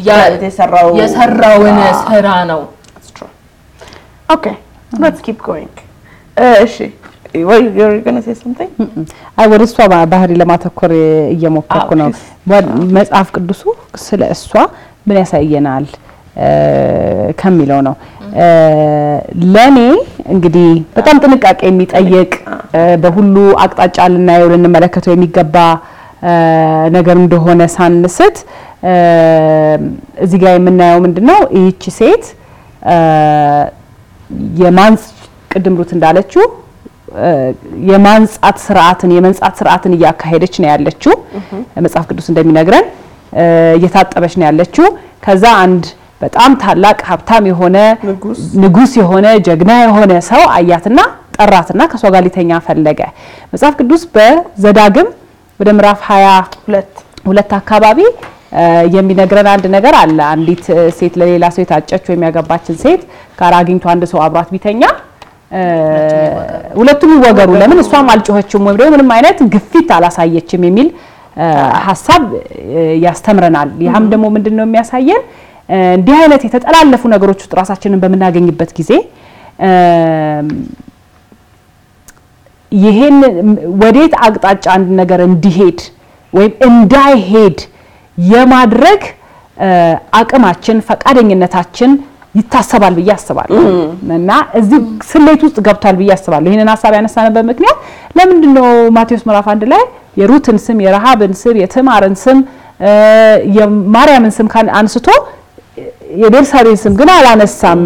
የሰራውን ስራ ነው። ኦኬ ሌትስ ኪፕ ጎይንግ እሺ ወደ እሷ ባህሪ ለማተኮር eh, እየሞከርኩ ah, ነው። ah, መጽሐፍ ቅዱሱ ስለ እሷ ምን ያሳየናል eh, ከሚለው ነው። mm-hmm. eh, ለእኔ እንግዲህ በጣም ጥንቃቄ የሚጠይቅ ah. በሁሉ አቅጣጫ ልናየው ልንመለከተው የሚገባ ነገር እንደሆነ ሳንስት እዚህ ጋር የምናየው ምንድን ነው? ይህቺ ሴት የማንጽ ቅድም ሩት እንዳለችው የማንጻት ስርዓትን የመንጻት ስርዓትን እያካሄደች ነው ያለችው። መጽሐፍ ቅዱስ እንደሚነግረን እየታጠበች ነው ያለችው። ከዛ አንድ በጣም ታላቅ ሀብታም የሆነ ንጉስ የሆነ ጀግና የሆነ ሰው አያትና ጠራትና ከሷ ጋር ሊተኛ ፈለገ። መጽሐፍ ቅዱስ በዘዳግም ወደ ምዕራፍ 22 ሁለት አካባቢ የሚነግረን አንድ ነገር አለ። አንዲት ሴት ለሌላ ሰው የታጨች ወይም ያገባችን ሴት ጋር አግኝቶ አንድ ሰው አብሯት ቢተኛ ሁለቱም ይወገሩ፣ ለምን እሷም አልጮኸችም ወይም ደግሞ ምንም አይነት ግፊት አላሳየችም የሚል ሀሳብ ያስተምረናል። ይህም ደግሞ ምንድን ነው የሚያሳየን እንዲህ አይነት የተጠላለፉ ነገሮች ውስጥ ራሳችንን በምናገኝበት ጊዜ ይሄን ወዴት አቅጣጫ አንድ ነገር እንዲሄድ ወይም እንዳይሄድ የማድረግ አቅማችን ፈቃደኝነታችን ይታሰባል ብዬ አስባለሁ እና እዚህ ስሌት ውስጥ ገብቷል ብዬ አስባለሁ። ይህንን ሀሳብ ያነሳንበት ምክንያት ለምንድን ነው? ማቴዎስ ምዕራፍ አንድ ላይ የሩትን ስም፣ የረሃብን ስም፣ የትማርን ስም፣ የማርያምን ስም አንስቶ የቤርሳቤን ስም ግን አላነሳም።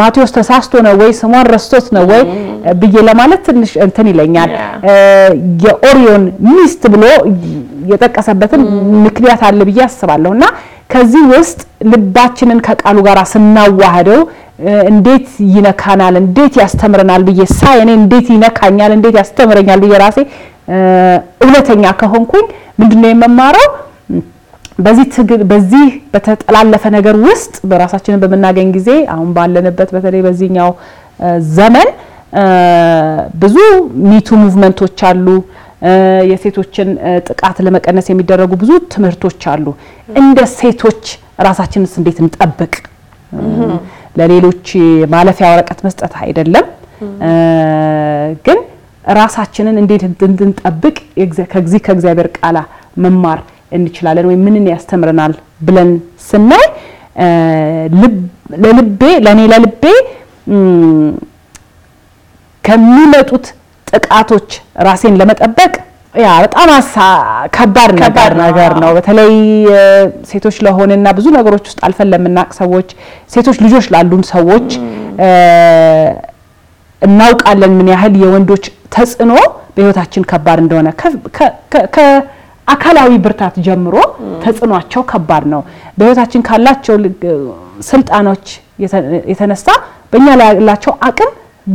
ማቴዎስ ተሳስቶ ነው ወይ ስሟን ረስቶት ነው ወይ ብዬ ለማለት ትንሽ እንትን ይለኛል። የኦሪዮን ሚስት ብሎ የጠቀሰበትን ምክንያት አለ ብዬ አስባለሁ እና ከዚህ ውስጥ ልባችንን ከቃሉ ጋር ስናዋህደው እንዴት ይነካናል፣ እንዴት ያስተምረናል ብዬ ሳይ እኔ እንዴት ይነካኛል፣ እንዴት ያስተምረኛል ብዬ ራሴ እውነተኛ ከሆንኩኝ ምንድነው የመማረው? በዚህ ትግል በዚህ በተጠላለፈ ነገር ውስጥ በራሳችንን በምናገኝ ጊዜ አሁን ባለንበት በተለይ በዚህኛው ዘመን ብዙ ሚቱ ሙቭመንቶች አሉ። የሴቶችን ጥቃት ለመቀነስ የሚደረጉ ብዙ ትምህርቶች አሉ። እንደ ሴቶች ራሳችንስ እንዴት እንጠብቅ? ለሌሎች ማለፊያ ወረቀት መስጠት አይደለም፣ ግን ራሳችንን እንዴት እንድንጠብቅ ከዚህ ከእግዚአብሔር ቃላ መማር እንችላለን ወይም ምንን ያስተምረናል ብለን ስናይ ለልቤ ለእኔ ለልቤ ከሚመጡት ጥቃቶች ራሴን ለመጠበቅ ያ በጣም ከባድ ነገር ነው። በተለይ ሴቶች ለሆንና ብዙ ነገሮች ውስጥ አልፈን ለምናቅ ሰዎች ሴቶች ልጆች ላሉን ሰዎች እናውቃለን ምን ያህል የወንዶች ተጽዕኖ በህይወታችን ከባድ እንደሆነ ከአካላዊ ብርታት ጀምሮ ተጽዕኖቸው ከባድ ነው። በህይወታችን ካላቸው ስልጣኖች የተነሳ በእኛ ላይ ያላቸው አቅም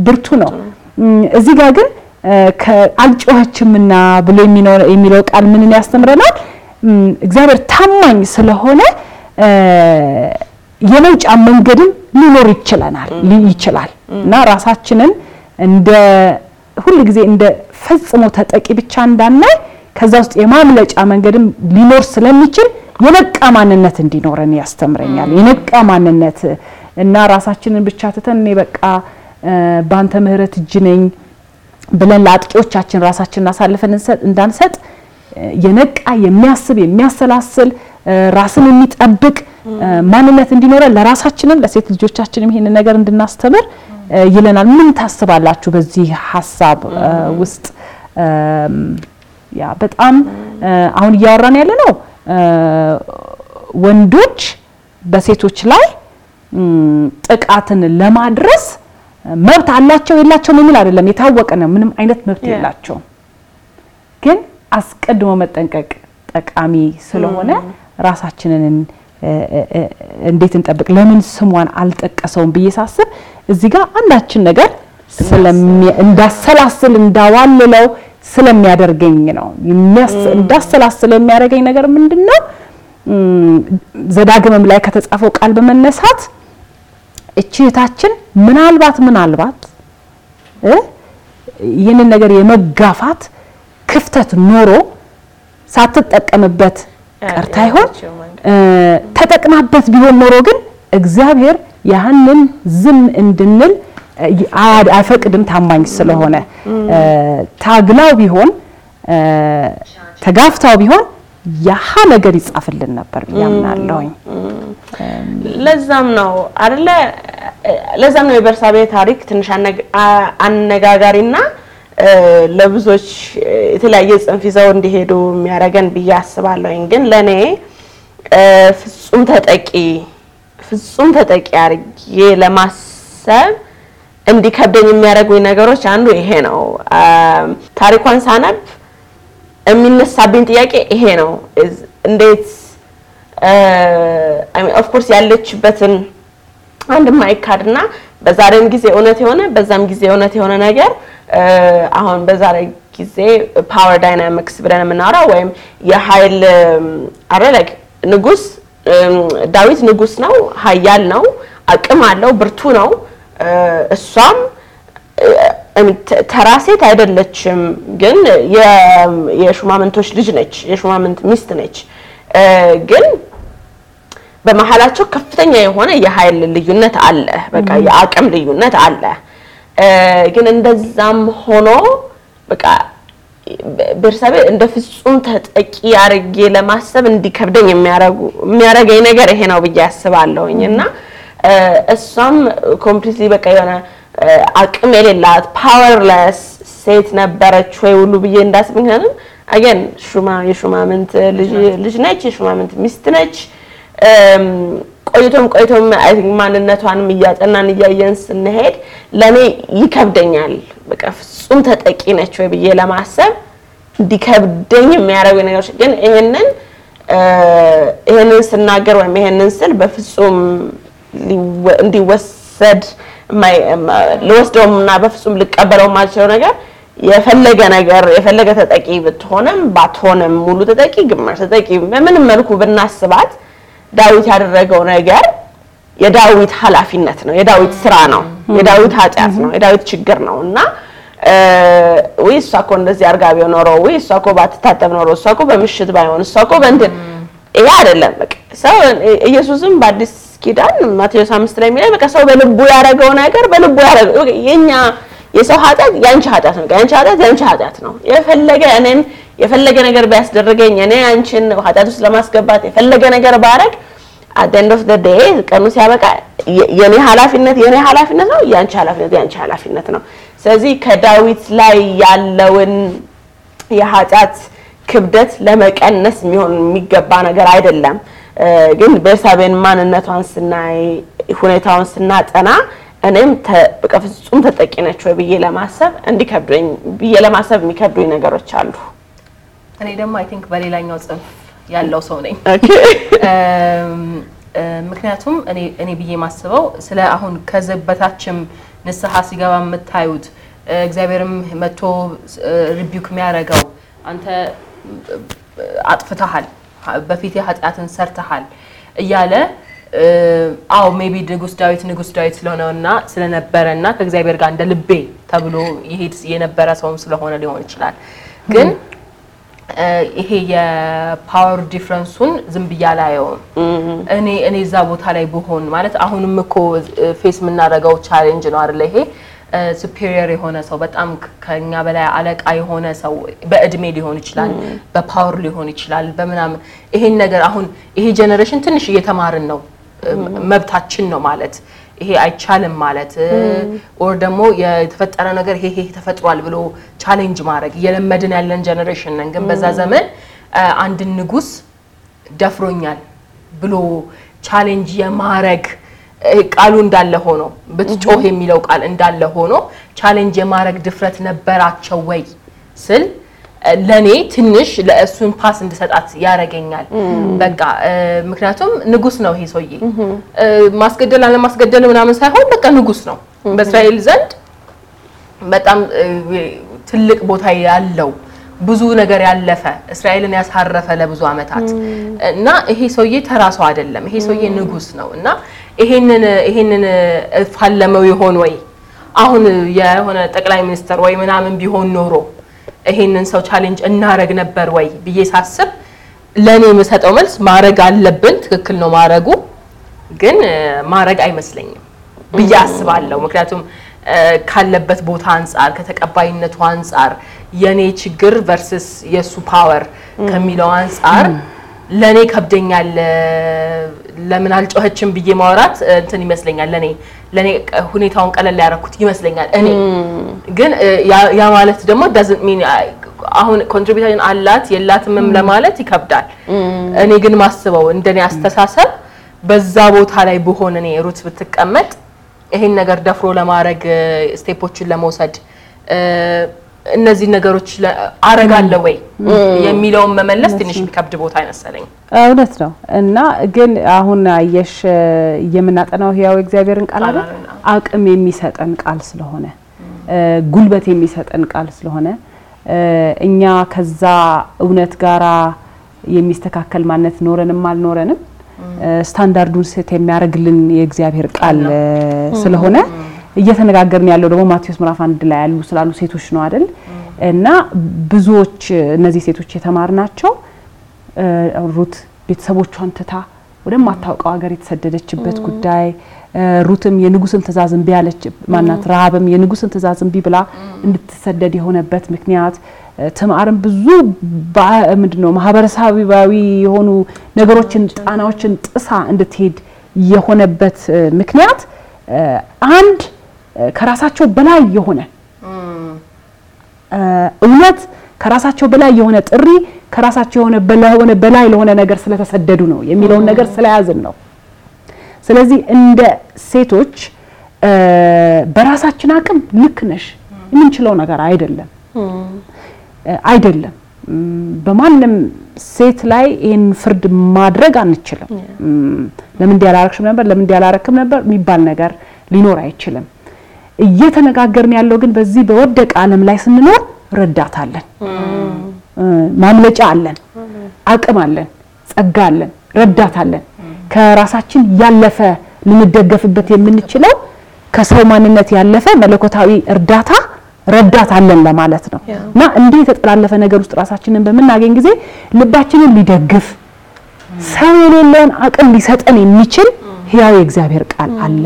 ብርቱ ነው። እዚህ ጋር ግን አልጮኸችምና ብሎ የሚለው ቃል ምንን ያስተምረናል? እግዚአብሔር ታማኝ ስለሆነ የመውጫ መንገድም ሊኖር ይችለናል ይችላል እና ራሳችንን እንደ ጊዜ እንደ ፈጽሞ ተጠቂ ብቻ እንዳናይ ከዛ ውስጥ የማምለጫ መንገድም ሊኖር ስለሚችል የነቃ ማንነት እንዲኖረን ያስተምረኛል። የነቃ ማንነት እና ራሳችንን ብቻ ትተን እኔ በቃ በአንተ ምሕረት እጅ ነኝ ብለን ለአጥቂዎቻችን ራሳችንን አሳልፈን እንዳንሰጥ የነቃ የሚያስብ የሚያሰላስል ራስን የሚጠብቅ ማንነት እንዲኖረን ለራሳችንም ለሴት ልጆቻችንም ይሄንን ነገር እንድናስተምር ይለናል። ምን ታስባላችሁ በዚህ ሀሳብ ውስጥ? ያ በጣም አሁን እያወራን ያለ ነው ወንዶች በሴቶች ላይ ጥቃትን ለማድረስ መብት አላቸው የላቸውም የሚል አይደለም፣ የታወቀ ነው። ምንም አይነት መብት የላቸውም። ግን አስቀድሞ መጠንቀቅ ጠቃሚ ስለሆነ mm. ራሳችንን እንዴት እንጠብቅ? ለምን ስሟን አልጠቀሰውም ብዬ ሳስብ እዚህ ጋር አንዳችን ነገር እንዳሰላስል እንዳዋልለው ስለሚያደርገኝ ነው። mm. እንዳሰላስል የሚያደርገኝ ነገር ምንድን ነው? ዘዳግምም ላይ ከተጻፈው ቃል በመነሳት እችታችን ምናልባት ምናልባት ይህንን ነገር የመጋፋት ክፍተት ኖሮ ሳትጠቀምበት ቀርታ ይሆን ተጠቅማበት ቢሆን ኖሮ ግን እግዚአብሔር ያህንን ዝም እንድንል አይፈቅድም። ታማኝ ስለሆነ ታግላው ቢሆን ተጋፍታው ቢሆን ያሀ ነገር ይጻፍልን ነበር ያምናለሁኝ። ለዛም ነው አይደለ? ለዛም ነው የበርሳቤ ታሪክ ትንሽ አነጋጋሪና ለብዙዎች የተለያየ ጽንፍ ይዘው እንዲሄዱ የሚያደርገን ብዬ አስባለሁኝ። ግን ለእኔ ፍጹም ተጠቂ ፍጹም ተጠቂ አድርጌ ለማሰብ እንዲከብደኝ የሚያደርጉኝ ነገሮች አንዱ ይሄ ነው። ታሪኳን ሳነብ የሚነሳብኝ ጥያቄ ይሄ ነው። እንዴት ኦፍኮርስ ያለችበትን አንድ ማይካድ እና በዛሬም ጊዜ እውነት የሆነ በዛም ጊዜ እውነት የሆነ ነገር አሁን በዛሬ ጊዜ ፓወር ዳይናሚክስ ብለን የምናወራው ወይም የኃይል አረ ንጉስ ዳዊት ንጉስ ነው፣ ኃያል ነው፣ አቅም አለው፣ ብርቱ ነው። እሷም ተራ ሴት አይደለችም፣ ግን የሹማምንቶች ልጅ ነች፣ የሹማምንት ሚስት ነች። ግን በመሀላቸው ከፍተኛ የሆነ የኃይል ልዩነት አለ፣ በቃ የአቅም ልዩነት አለ። ግን እንደዛም ሆኖ በቃ ቤርሳቤ እንደ ፍጹም ተጠቂ አድርጌ ለማሰብ እንዲከብደኝ የሚያደርገኝ ነገር ይሄ ነው ብዬ አስባለሁኝ እና እሷም ኮምፕሊትሊ በቃ የሆነ አቅም የሌላት ፓወርለስ ሴት ነበረች ወይ ሁሉ ብዬ እንዳስብ። ምክንያቱም አገን ሹማ የሹማምንት ልጅ ነች፣ የሹማምንት ሚስት ነች። ቆይቶም ቆይቶም ማንነቷንም እያጠናን እያየን ስንሄድ ለእኔ ይከብደኛል። በቃ ፍጹም ተጠቂ ነች ወይ ብዬ ለማሰብ እንዲከብደኝ የሚያደርጉ ነገሮች ግን ይህንን ይህንን ስናገር ወይም ይህንን ስል በፍጹም እንዲወሰድ ልወስደውም በፍጹም ልቀበለው የማልችለው ነገር የፈለገ ነገር የፈለገ ተጠቂ ብትሆንም ባትሆንም ሙሉ ተጠቂ፣ ግማሽ ተጠቂ በምንም መልኩ ብናስባት ዳዊት ያደረገው ነገር የዳዊት ኃላፊነት ነው፣ የዳዊት ስራ ነው፣ የዳዊት ኃጢአት ነው፣ የዳዊት ችግር ነው እና ወይ እሷ እኮ እንደዚህ አርጋ ቢሆን ኖሮ፣ እሷ እኮ ባትታጠብ ኖሮ፣ እሷ እኮ በምሽት ባይሆን፣ እሷ እኮ በእንትን ይሄ አይደለም። በቃ ሰው ኢየሱስም በአዲስ ኪዳን ማቴዎስ አምስት ላይ የሚለው በቃ ሰው በልቡ ያደረገው ነገር በልቡ ያደረገው የኛ የሰው ኃጢአት ያንቺ ኃጢአት ነው። ያንቺ ኃጢአት ያንቺ ኃጢአት ነው። የፈለገ እኔን የፈለገ ነገር ቢያስደርገኝ እኔ አንቺን ኃጢአት ውስጥ ለማስገባት የፈለገ ነገር ባረግ አት ኤንድ ኦፍ ዘ ዴይ ቀኑ ሲያበቃ የኔ ኃላፊነት የኔ ኃላፊነት ነው። ያንቺ ኃላፊነት ያንቺ ኃላፊነት ነው። ስለዚህ ከዳዊት ላይ ያለውን የኃጢአት ክብደት ለመቀነስ የሚሆን የሚገባ ነገር አይደለም። ግን ቤርሳቤን ማንነቷን ስናይ ሁኔታውን ስናጠና እኔም በቃ ፍጹም ተጠቂ ነች ወይ ብዬ ለማሰብ እንዲከብደኝ ብዬ ለማሰብ የሚከብዱኝ ነገሮች አሉ። እኔ ደግሞ አይ ቲንክ በሌላኛው ጽንፍ ያለው ሰው ነኝ። ምክንያቱም እኔ ብዬ የማስበው ስለ አሁን ከዚህ ንስሐ ሲገባ የምታዩት እግዚአብሔርም መቶ ሪቢውክ የሚያደርገው አንተ አጥፍተሃል በፊት ኃጢአትን ሰርተሃል እያለ አዎ ሜቢ ንጉስ ዳዊት ንጉስ ዳዊት ስለሆነና እና ከእግዚአብሔር ጋር እንደ ልቤ ተብሎ ይሄድ የነበረ ሰውም ስለሆነ ሊሆን ይችላል። ግን ይሄ የፓወር ዲፍረንሱን ዝም ብዬ አላየውም። እኔ እኔ እዛ ቦታ ላይ ብሆን ማለት አሁንም እኮ ፌስ የምናደርገው ቻሌንጅ ነው አይደለ? ይሄ ሱፔሪየር የሆነ ሰው በጣም ከኛ በላይ አለቃ የሆነ ሰው በእድሜ ሊሆን ይችላል፣ በፓወር ሊሆን ይችላል፣ በምናምን ይሄን ነገር አሁን ይሄ ጀኔሬሽን ትንሽ እየተማርን ነው። መብታችን ነው ማለት ይሄ አይቻልም ማለት ኦር ደግሞ የተፈጠረ ነገር ይሄ ይሄ ተፈጥሯል ብሎ ቻሌንጅ ማድረግ እየለመድን ያለን ጀኔሬሽን ነን። ግን በዛ ዘመን አንድን ንጉስ ደፍሮኛል ብሎ ቻሌንጅ የማረግ ቃሉ እንዳለ ሆኖ ብትጮህ የሚለው ቃል እንዳለ ሆኖ ቻሌንጅ የማድረግ ድፍረት ነበራቸው ወይ ስል ለኔ ትንሽ ለእሱን ፓስ እንድሰጣት ያደርገኛል። በቃ ምክንያቱም ንጉስ ነው ይሄ ሰውዬ። ማስገደል አለማስገደል ምናምን ሳይሆን በቃ ንጉስ ነው በእስራኤል ዘንድ በጣም ትልቅ ቦታ ያለው ብዙ ነገር ያለፈ እስራኤልን ያሳረፈ ለብዙ አመታት እና ይሄ ሰውዬ ተራ ሰው አይደለም። ይሄ ሰውዬ ንጉስ ነው እና ይሄንን ይሄንን ፋለመው ይሆን ወይ? አሁን የሆነ ጠቅላይ ሚኒስትር ወይ ምናምን ቢሆን ኖሮ ይሄንን ሰው ቻሌንጅ እናረግ ነበር ወይ ብዬ ሳስብ ለኔ የምሰጠው መልስ ማረግ አለብን፣ ትክክል ነው ማረጉ፣ ግን ማረግ አይመስለኝም ብዬ አስባለሁ። ምክንያቱም ካለበት ቦታ አንጻር ከተቀባይነቱ አንጻር የኔ ችግር ቨርስስ የሱ ፓወር ከሚለው አንጻር ለኔ ከብደኛል ለምን አልጮኸችም ብዬ ማውራት እንትን ይመስለኛል ለኔ ለኔ ሁኔታውን ቀለል ያደረኩት ይመስለኛል። እኔ ግን ያ ማለት ደግሞ ዳዝንት ሚን አሁን ኮንትሪቢዩሽን አላት የላትምም ለማለት ይከብዳል። እኔ ግን ማስበው እንደኔ አስተሳሰብ በዛ ቦታ ላይ ብሆን እኔ ሩት ብትቀመጥ ይሄን ነገር ደፍሮ ለማድረግ ስቴፖችን ለመውሰድ እነዚህ ነገሮች አረጋለሁ ወይ የሚለውን መመለስ ትንሽ የሚከብድ ቦታ አይመሰለኝ። እውነት ነው። እና ግን አሁን አየሽ የምናጠናው ህያው እግዚአብሔርን ቃል አለ አቅም የሚሰጠን ቃል ስለሆነ ጉልበት የሚሰጠን ቃል ስለሆነ እኛ ከዛ እውነት ጋራ የሚስተካከል ማነት ኖረንም አልኖረንም ስታንዳርዱን ሴት የሚያደርግልን የእግዚአብሔር ቃል ስለሆነ እየተነጋገርን ያለው ደግሞ ማቴዎስ ምዕራፍ አንድ ላይ ያሉ ስላሉ ሴቶች ነው አይደል? እና ብዙዎች እነዚህ ሴቶች የተማር ናቸው። ሩት ቤተሰቦቿን ትታ ወደማታውቀው ሀገር የተሰደደችበት ጉዳይ ሩትም የንጉስን ትእዛዝ እምቢ ያለች ማናት ረሃብም የንጉስን ትእዛዝ እምቢ ብላ እንድትሰደድ የሆነበት ምክንያት ትምአርም ብዙ ምንድነው ማህበረሰባዊ የሆኑ ነገሮችን ጣናዎችን ጥሳ እንድትሄድ የሆነበት ምክንያት አንድ ከራሳቸው በላይ የሆነ እውነት ከራሳቸው በላይ የሆነ ጥሪ ከራሳቸው የሆነ በላይ ለሆነ ነገር ስለተሰደዱ ነው የሚለውን ነገር ስለያዝን ነው። ስለዚህ እንደ ሴቶች በራሳችን አቅም ልክ ነሽ የምንችለው ነገር አይደለም አይደለም። በማንም ሴት ላይ ይህን ፍርድ ማድረግ አንችልም። ለምን እንዲህ አላረግሽም ነበር፣ ለምን እንዲህ አላረክም ነበር የሚባል ነገር ሊኖር አይችልም። እየተነጋገርን ያለው ግን በዚህ በወደቀ ዓለም ላይ ስንኖር ረዳት አለን፣ ማምለጫ አለን፣ አቅም አለን፣ ጸጋ አለን፣ ረዳት አለን። ከራሳችን ያለፈ ልንደገፍበት የምንችለው ከሰው ማንነት ያለፈ መለኮታዊ እርዳታ ረዳት አለን ለማለት ነው። እና እንዲህ የተጠላለፈ ነገር ውስጥ ራሳችንን በምናገኝ ጊዜ ልባችንን ሊደግፍ ሰው የሌለውን አቅም ሊሰጠን የሚችል ህያው የእግዚአብሔር ቃል አለ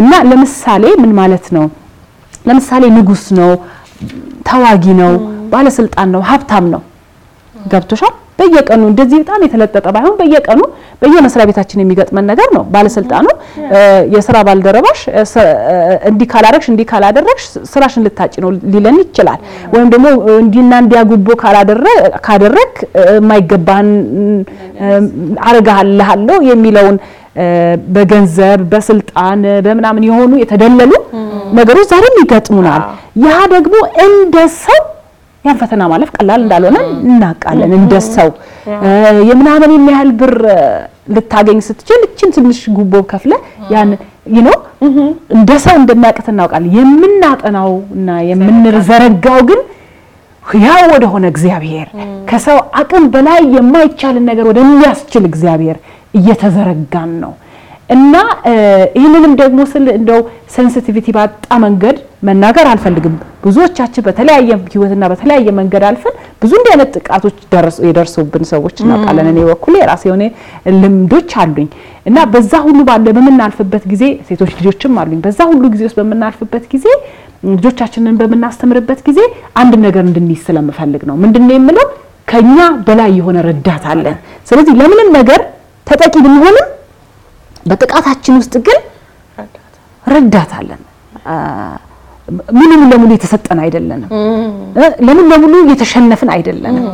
እና ለምሳሌ ምን ማለት ነው? ለምሳሌ ንጉስ ነው፣ ተዋጊ ነው፣ ባለስልጣን ነው፣ ሀብታም ነው። ገብቶሻል? በየቀኑ እንደዚህ በጣም የተለጠጠ ባይሆን በየቀኑ በየመስሪያ ቤታችን የሚገጥመን ነገር ነው። ባለስልጣኑ የስራ ባልደረባሽ እንዲህ ካላረግሽ እንዲህ ካላደረግሽ ስራሽን ልታጭ ነው ሊለን ይችላል። ወይም ደግሞ እንዲና እንዲያ ጉቦ ካደረግ የማይገባህን አረጋለሃለሁ የሚለውን በገንዘብ በስልጣን በምናምን የሆኑ የተደለሉ ነገሮች ዛሬም ይገጥሙናል። ያ ደግሞ እንደ ሰው ያን ፈተና ማለፍ ቀላል እንዳልሆነ እናውቃለን። እንደ ሰው የምናምን የሚያህል ብር ልታገኝ ስትችል እችን ትንሽ ጉቦ ከፍለ ያን ነው እንደ ሰው እንደሚያቅት እናውቃለን። የምናጠናው እና የምንዘረጋው ግን ያው ወደሆነ እግዚአብሔር ከሰው አቅም በላይ የማይቻልን ነገር ወደሚያስችል እግዚአብሔር እየተዘረጋን ነው እና ይህንንም ደግሞ ስል እንደው ሴንሲቲቪቲ ባጣ መንገድ መናገር አልፈልግም። ብዙዎቻችን በተለያየ ህይወትና በተለያየ መንገድ አልፈን ብዙ እንዲህ አይነት ጥቃቶች የደርሱብን ሰዎች እናውቃለን። እኔ በኩል የራሴ የሆነ ልምዶች አሉኝ እና በዛ ሁሉ ባለ በምናልፍበት ጊዜ ሴቶች ልጆችም አሉኝ። በዛ ሁሉ ጊዜ ውስጥ በምናልፍበት ጊዜ ልጆቻችንን በምናስተምርበት ጊዜ አንድ ነገር እንድንይዝ ስለምፈልግ ነው። ምንድን ነው የምለው ከኛ በላይ የሆነ ረዳት አለን። ስለዚህ ለምንም ነገር ተጠቂ ብንሆንም በጥቃታችን ውስጥ ግን ረዳት አለን። ምንም ለሙሉ የተሰጠን አይደለንም። ለምን ለሙሉ የተሸነፍን አይደለንም።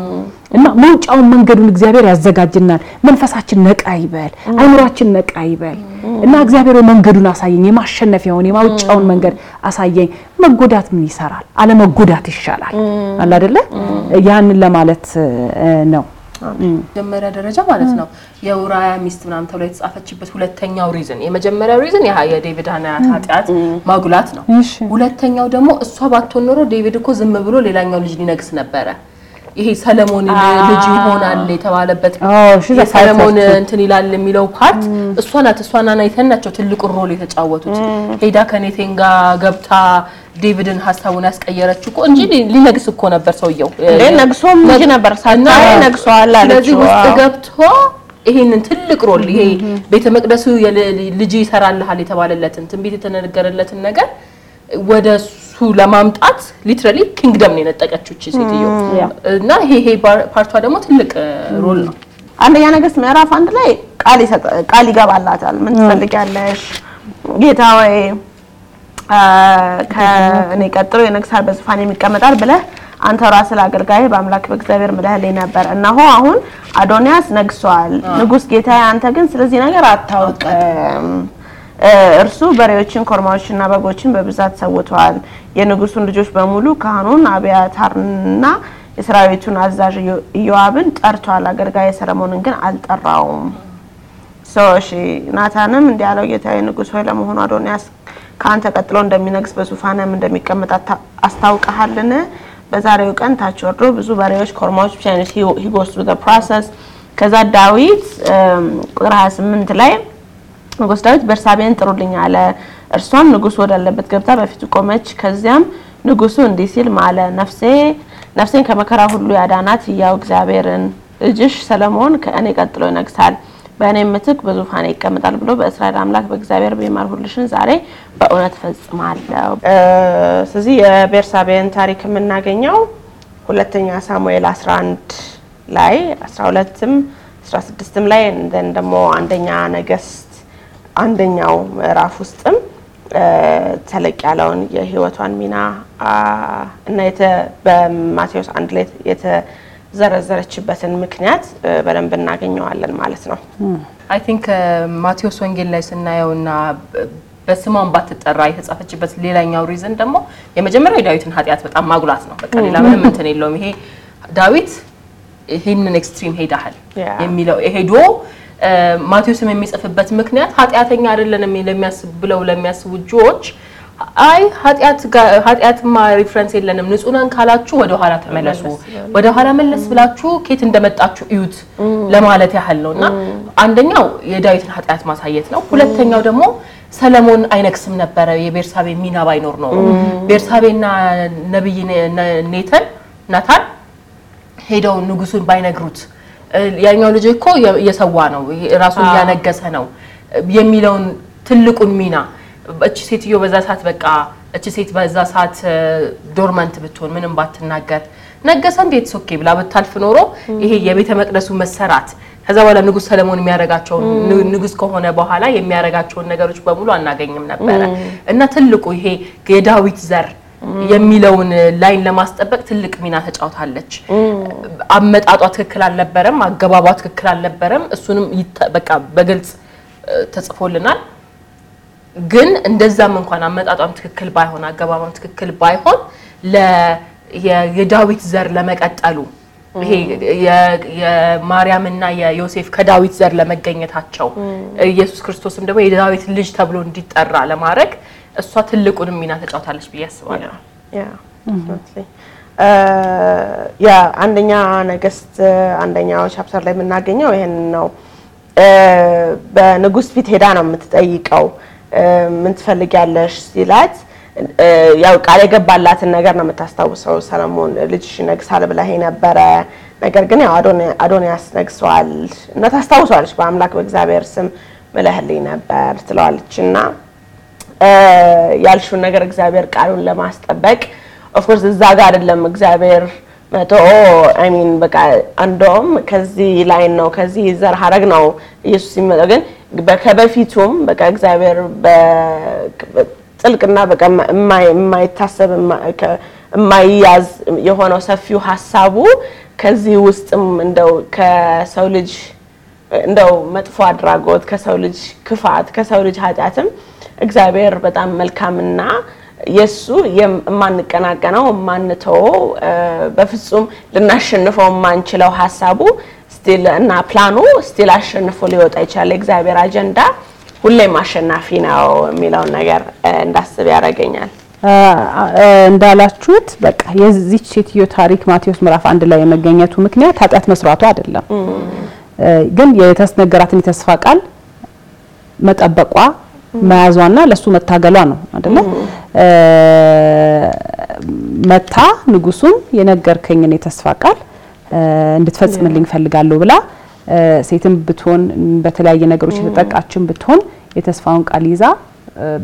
እና መውጫውን መንገዱን እግዚአብሔር ያዘጋጅናል። መንፈሳችን ነቃ ይበል፣ አይምሯችን ነቃ ይበል እና እግዚአብሔር መንገዱን አሳየኝ፣ የማሸነፊያውን የማውጫውን መንገድ አሳየኝ። መጎዳት ምን ይሰራል? አለመጎዳት ይሻላል አለ አይደለ? ያንን ለማለት ነው። መጀመሪያ ደረጃ ማለት ነው የውራያ ሚስት ምናምን ተብሎ የተጻፈችበት ሁለተኛው ሪዝን፣ የመጀመሪያው ሪዝን ያ የዴቪድ ሀናያት ኃጢአት ማጉላት ነው። ሁለተኛው ደግሞ እሷ ባትሆን ኖሮ ዴቪድ እኮ ዝም ብሎ ሌላኛው ልጅ ሊነግስ ነበረ። ይሄ ሰለሞን ልጅ ይሆናል የተባለበት ሰለሞን እንትን ይላል የሚለው ፓርት እሷ ናት። እሷና ናይተን ናቸው ትልቁ ሮል የተጫወቱት። ሄዳ ከኔቴን ጋር ገብታ ዴቪድን ሀሳቡን ያስቀየረችው እኮ እንጂ ሊነግስ እኮ ነበር ሰውየው እንዴ ነግሶም ልጅ ነበር ሳታይ ነግሷል አለች። ስለዚህ ውስጥ ገብቶ ይሄንን ትልቅ ሮል ይሄ ቤተ መቅደሱ ልጅ ይሰራልሃል የተባለለትን ትንቢት የተነገረለትን ነገር ወደ ወደሱ ለማምጣት ሊትራሊ ኪንግደም ነው የነጠቀችው እቺ ሴትዮ እና ይሄ ይሄ ፓርቷ ደግሞ ትልቅ ሮል ነው። አንደኛ ነገሥት ምዕራፍ አንድ ላይ ቃል ይሰጣል ቃል ይገባላታል ምን ትፈልጊያለሽ ወይ ከእኔ ቀጥሎ የነግሳል በዙፋኔም የሚቀመጣል ብለህ አንተ ራስህ ለአገልጋይ በአምላክ በእግዚአብሔር ምለህልኝ ነበር። እነሆ አሁን አዶንያስ ነግሷል። ንጉስ ጌታ፣ አንተ ግን ስለዚህ ነገር አታውቅም። እርሱ በሬዎችን ኮርማዎችና በጎችን በብዛት ሰውተዋል። የንጉሱን ልጆች በሙሉ ካህኑን አብያታርንና የሰራዊቱን አዛዥ ኢዮአብን ጠርቷል። አገልጋይ ሰለሞንን ግን አልጠራውም። እሺ ናታንም እንዲህ ያለው ጌታዬ ንጉስ ሆይ ለመሆኑ አዶንያስ ከአንተ ቀጥሎ እንደሚነግስ በዙፋንም እንደሚቀመጥ አስታውቀሃልን? በዛሬው ቀን ታች ወርዶ ብዙ በሬዎች፣ ኮርማዎች ብቻ ነው ሂጎስ ፕሮሰስ። ከዛ ዳዊት ቁጥር 28 ላይ ንጉስ ዳዊት ቤርሳቤህን ጥሩልኝ አለ። እርሷም ንጉሱ ወዳለበት ገብታ በፊቱ ቆመች። ከዚያም ንጉሱ እንዲህ ሲል ማለ፣ ነፍሴ ነፍሴን ከመከራ ሁሉ ያዳናት ሕያው እግዚአብሔርን ልጅሽ ሰለሞን ከእኔ ቀጥሎ ይነግሳል። በእኔ ምትክ በዙፋኔ ይቀመጣል ብሎ በእስራኤል አምላክ በእግዚአብሔር ቢማር ሁልሽን ዛሬ በእውነት ፈጽማለሁ። ስለዚህ የቤርሳቤን ታሪክ የምናገኘው ሁለተኛ ሳሙኤል 11 ላይ 12ም 16ም ላይ ንን ደግሞ አንደኛ ነገስት አንደኛው ምዕራፍ ውስጥም ተለቅ ያለውን የህይወቷን ሚና እና በማቴዎስ አንድ ላይ ዘረዘረችበትን ምክንያት በደንብ እናገኘዋለን ማለት ነው። አይ ቲንክ ማቴዎስ ወንጌል ላይ ስናየውና በስሟን ባትጠራ የተጻፈችበት ሌላኛው ሪዝን ደግሞ የመጀመሪያው የዳዊትን ኃጢአት በጣም ማጉላት ነው። በቃ ሌላ ምንም እንትን የለውም። ይሄ ዳዊት ይህንን ኤክስትሪም ሄዳሃል የሚለው ሄዶ ማቴዎስም የሚጽፍበት ምክንያት ኃጢአተኛ አይደለንም ለሚያስብ ብለው ለሚያስቡ ጆዎች አይ ኃጢአትማ ሪፍረንስ የለንም ንጹህ ካላችሁ ወደ ኋላ ተመለሱ፣ ወደ ኋላ መለስ ብላችሁ ኬት እንደመጣችሁ እዩት ለማለት ያህል ነው። እና አንደኛው የዳዊትን ኃጢአት ማሳየት ነው። ሁለተኛው ደግሞ ሰለሞን አይነግስም ነበረ የቤርሳቤ ሚና ባይኖር ነው። ቤርሳቤና ነቢይ ኔተን ናታን ሄደው ንጉሱን ባይነግሩት ያኛው ልጅ እኮ የሰዋ ነው ራሱን እያነገሰ ነው የሚለውን ትልቁን ሚና እቺ ሴትዮ በዛ ሰዓት በቃ እቺ ሴት በዛ ሰዓት ዶርመንት ብትሆን ምንም ባትናገር ነገሰ እንዴት ሶኬ ብላ ብታልፍ ኖሮ ይሄ የቤተ መቅደሱ መሰራት ከዛ በኋላ ንጉስ ሰለሞን የሚያረጋቸው ንጉስ ከሆነ በኋላ የሚያረጋቸውን ነገሮች በሙሉ አናገኝም ነበረ እና ትልቁ ይሄ የዳዊት ዘር የሚለውን ላይን ለማስጠበቅ ትልቅ ሚና ተጫውታለች። አመጣጧ ትክክል አልነበረም፣ አገባቧ ትክክል አልነበረም። እሱንም በቃ በግልጽ ተጽፎልናል። ግን እንደዛም እንኳን አመጣጧም ትክክል ባይሆን አገባባም ትክክል ባይሆን የዳዊት ዘር ለመቀጠሉ ይሄ የማርያምና የዮሴፍ ከዳዊት ዘር ለመገኘታቸው ኢየሱስ ክርስቶስም ደግሞ የዳዊት ልጅ ተብሎ እንዲጠራ ለማድረግ እሷ ትልቁን ሚና ተጫውታለች ብዬ አስባለሁ። ያ አንደኛ ነገስት አንደኛው ቻፕተር ላይ የምናገኘው ይሄን ነው። በንጉስ ፊት ሄዳ ነው የምትጠይቀው ምን ትፈልጊያለሽ ሲላት ያው ቃል የገባላትን ነገር ነው የምታስታውሰው። ሰለሞን ልጅሽ ይነግሳል ብለኸኝ ነበረ፣ ነገር ግን ያው አዶንያስ ነግሰዋል እና ታስታውሰዋለች። በአምላክ በእግዚአብሔር ስም ምለህልኝ ነበር ትለዋለች እና ያልሽውን ነገር እግዚአብሔር ቃሉን ለማስጠበቅ ኦፍኮርስ እዛ ጋር አይደለም እግዚአብሔር መቶ አይ ሚን በቃ እንደውም ከዚህ ላይን ነው ከዚህ ዘር ሀረግ ነው ኢየሱስ ሲመጣው ግን ከበፊቱም በቃ እግዚአብሔር ጥልቅና በቃ የማይታሰብ የማይያዝ የሆነው ሰፊው ሀሳቡ ከዚህ ውስጥም እንደው ከሰው ልጅ እንደው መጥፎ አድራጎት ከሰው ልጅ ክፋት ከሰው ልጅ ኃጢአትም እግዚአብሔር በጣም መልካምና የእሱ የማንቀናቀነው የማንተወው በፍጹም ልናሸንፈው የማንችለው ሀሳቡ ስቲል እና ፕላኑ ስቲል አሸንፎ ሊወጣ ይችላል። የእግዚአብሔር አጀንዳ ሁሌም አሸናፊ ነው የሚለውን ነገር እንዳስብ ያደርገኛል። እንዳላችሁት በቃ የዚች ሴትዮ ታሪክ ማቴዎስ ምዕራፍ አንድ ላይ የመገኘቱ ምክንያት ኃጢአት መስራቱ አይደለም፣ ግን የተነገራትን የተስፋ ቃል መጠበቋ መያዟና ለሱ መታገሏ ነው አይደለ? መታ ንጉሱም የነገርከኝን የተስፋ ቃል እንድትፈጽምልኝ ፈልጋለሁ ብላ ሴትም ብትሆን በተለያየ ነገሮች የተጠቃችም ብትሆን የተስፋውን ቃል ይዛ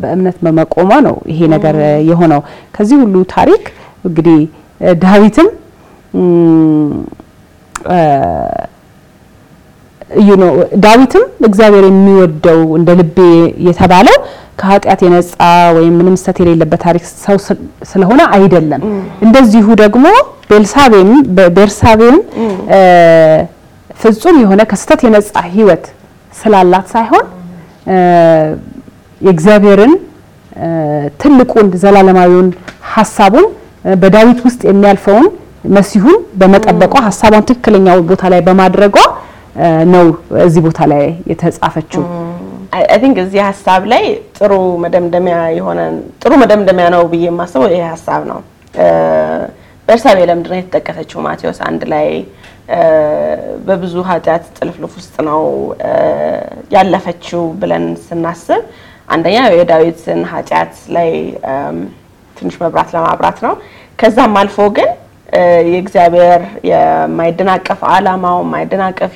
በእምነት በመቆሟ ነው ይሄ ነገር የሆነው። ከዚህ ሁሉ ታሪክ እንግዲህ ዳዊትም ዳዊትም እግዚአብሔር የሚወደው እንደ ልቤ የተባለው ከኃጢአት የነጻ ወይም ምንም ስህተት የሌለበት ታሪክ ሰው ስለሆነ አይደለም። እንደዚሁ ደግሞ ቤርሳቤም ቤርሳቤም ፍጹም የሆነ ከስህተት የነጻ ህይወት ስላላት ሳይሆን የእግዚአብሔርን ትልቁን ዘላለማዊውን ሀሳቡን በዳዊት ውስጥ የሚያልፈውን መሲሁን በመጠበቋ ሀሳቧን ትክክለኛው ቦታ ላይ በማድረጓ ነው እዚህ ቦታ ላይ የተጻፈችው። አይ ቲንክ እዚህ ሀሳብ ላይ ጥሩ መደምደሚያ የሆነ ጥሩ መደምደሚያ ነው ብዬ የማስበው ይሄ ሀሳብ ነው። በርሳቤ ለምንድነው የተጠቀሰችው? ማቴዎስ አንድ ላይ በብዙ ኃጢአት ጥልፍልፍ ውስጥ ነው ያለፈችው ብለን ስናስብ አንደኛ የዳዊትን ኃጢአት ላይ ትንሽ መብራት ለማብራት ነው። ከዛም አልፎ ግን የእግዚአብሔር የማይደናቀፍ ዓላማው የማይደናቀፍ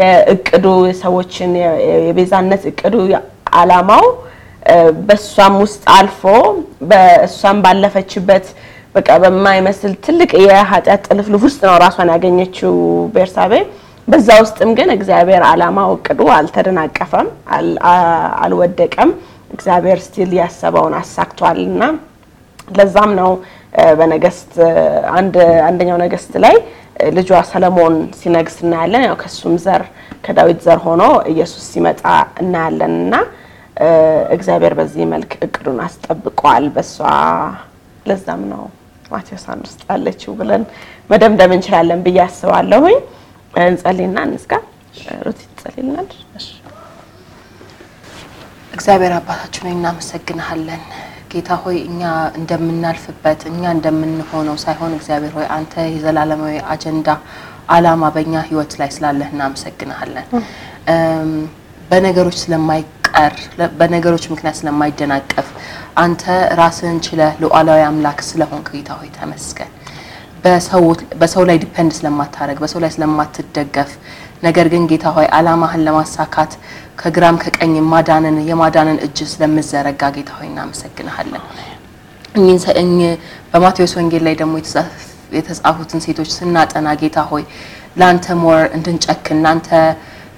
የእቅዱ ሰዎችን የቤዛነት እቅዱ አላማው በእሷም ውስጥ አልፎ በእሷም ባለፈችበት በቃ በማይመስል ትልቅ የኃጢአት ጥልፍልፍ ውስጥ ነው ራሷን ያገኘችው ቤርሳቤ። በዛ ውስጥም ግን እግዚአብሔር አላማው እቅዱ አልተደናቀፈም፣ አልወደቀም። እግዚአብሔር ስቲል ያሰበውን አሳክቷልና ለዛም ነው በነገስት አንድ አንደኛው ነገስት ላይ ልጇ ሰለሞን ሲነግስ እናያለን። ያው ከሱም ዘር ከዳዊት ዘር ሆኖ ኢየሱስ ሲመጣ እናያለን እና እግዚአብሔር በዚህ መልክ እቅዱን አስጠብቋል በሷ ለዛም ነው ማቴዎስ አንድ ውስጥ ያለችው ብለን መደምደም እንችላለን ብዬ አስባለሁኝ። እንጸልይና እንስጋ። ሩት ትጸልይልናለች። እግዚአብሔር አባታችን እናመሰግናለን። ጌታ ሆይ እኛ እንደምናልፍበት እኛ እንደምንሆነው ሳይሆን እግዚአብሔር ሆይ አንተ የዘላለማዊ አጀንዳ አላማ በእኛ ህይወት ላይ ስላለህ እናመሰግናለን። በነገሮች ስለማይቀር በነገሮች ምክንያት ስለማይደናቀፍ አንተ ራስህን ችለህ ሉዓላዊ አምላክ ስለሆንክ ጌታ ሆይ ተመስገን። በሰው ላይ ዲፔንድ ስለማታረግ በሰው ላይ ስለማትደገፍ ነገር ግን ጌታ ሆይ አላማህን ለማሳካት ከግራም ከቀኝ ማዳንን የማዳንን እጅ ስለምዘረጋ ጌታ ሆይ ሰእኝ በማቴዎስ ወንጌል ላይ ደግሞ የተጻፉትን ሴቶች ስናጠና ጌታ ሆይ ለአንተ ሞር እንድንጨክን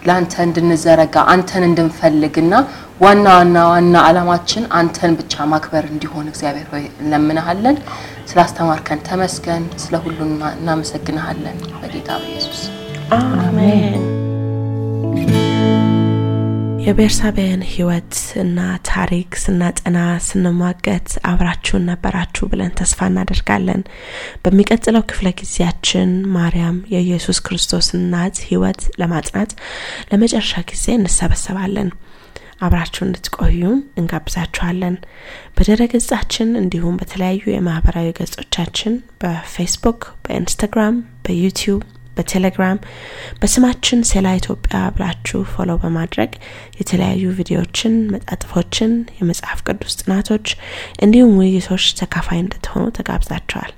ለአንተ እንድንዘረጋ አንተን እንድንፈልግና ዋና ዋና ዋና አላማችን አንተን ብቻ ማክበር እንዲሆን እግዚአብሔር ሆይ እንለምንሃለን። ስላስተማርከን ተመስገን። ስለ ሁሉ እናመሰግንሃለን በጌታ በኢየሱስ አሜን። የቤርሳቤህን ህይወት እና ታሪክ ስናጠና ስንሟገት አብራችሁን ነበራችሁ ብለን ተስፋ እናደርጋለን። በሚቀጥለው ክፍለ ጊዜያችን ማርያም የኢየሱስ ክርስቶስ እናት ህይወት ለማጥናት ለመጨረሻ ጊዜ እንሰበሰባለን። አብራችሁ እንድትቆዩም እንጋብዛችኋለን። በድረ ገጻችን እንዲሁም በተለያዩ የማህበራዊ ገጾቻችን በፌስቡክ፣ በኢንስታግራም፣ በዩቲዩብ በቴሌግራም በስማችን ሴላ ኢትዮጵያ ብላችሁ ፎሎ በማድረግ የተለያዩ ቪዲዮዎችን፣ መጣጥፎችን፣ የመጽሐፍ ቅዱስ ጥናቶች እንዲሁም ውይይቶች ተካፋይ እንድትሆኑ ተጋብዛቸዋል።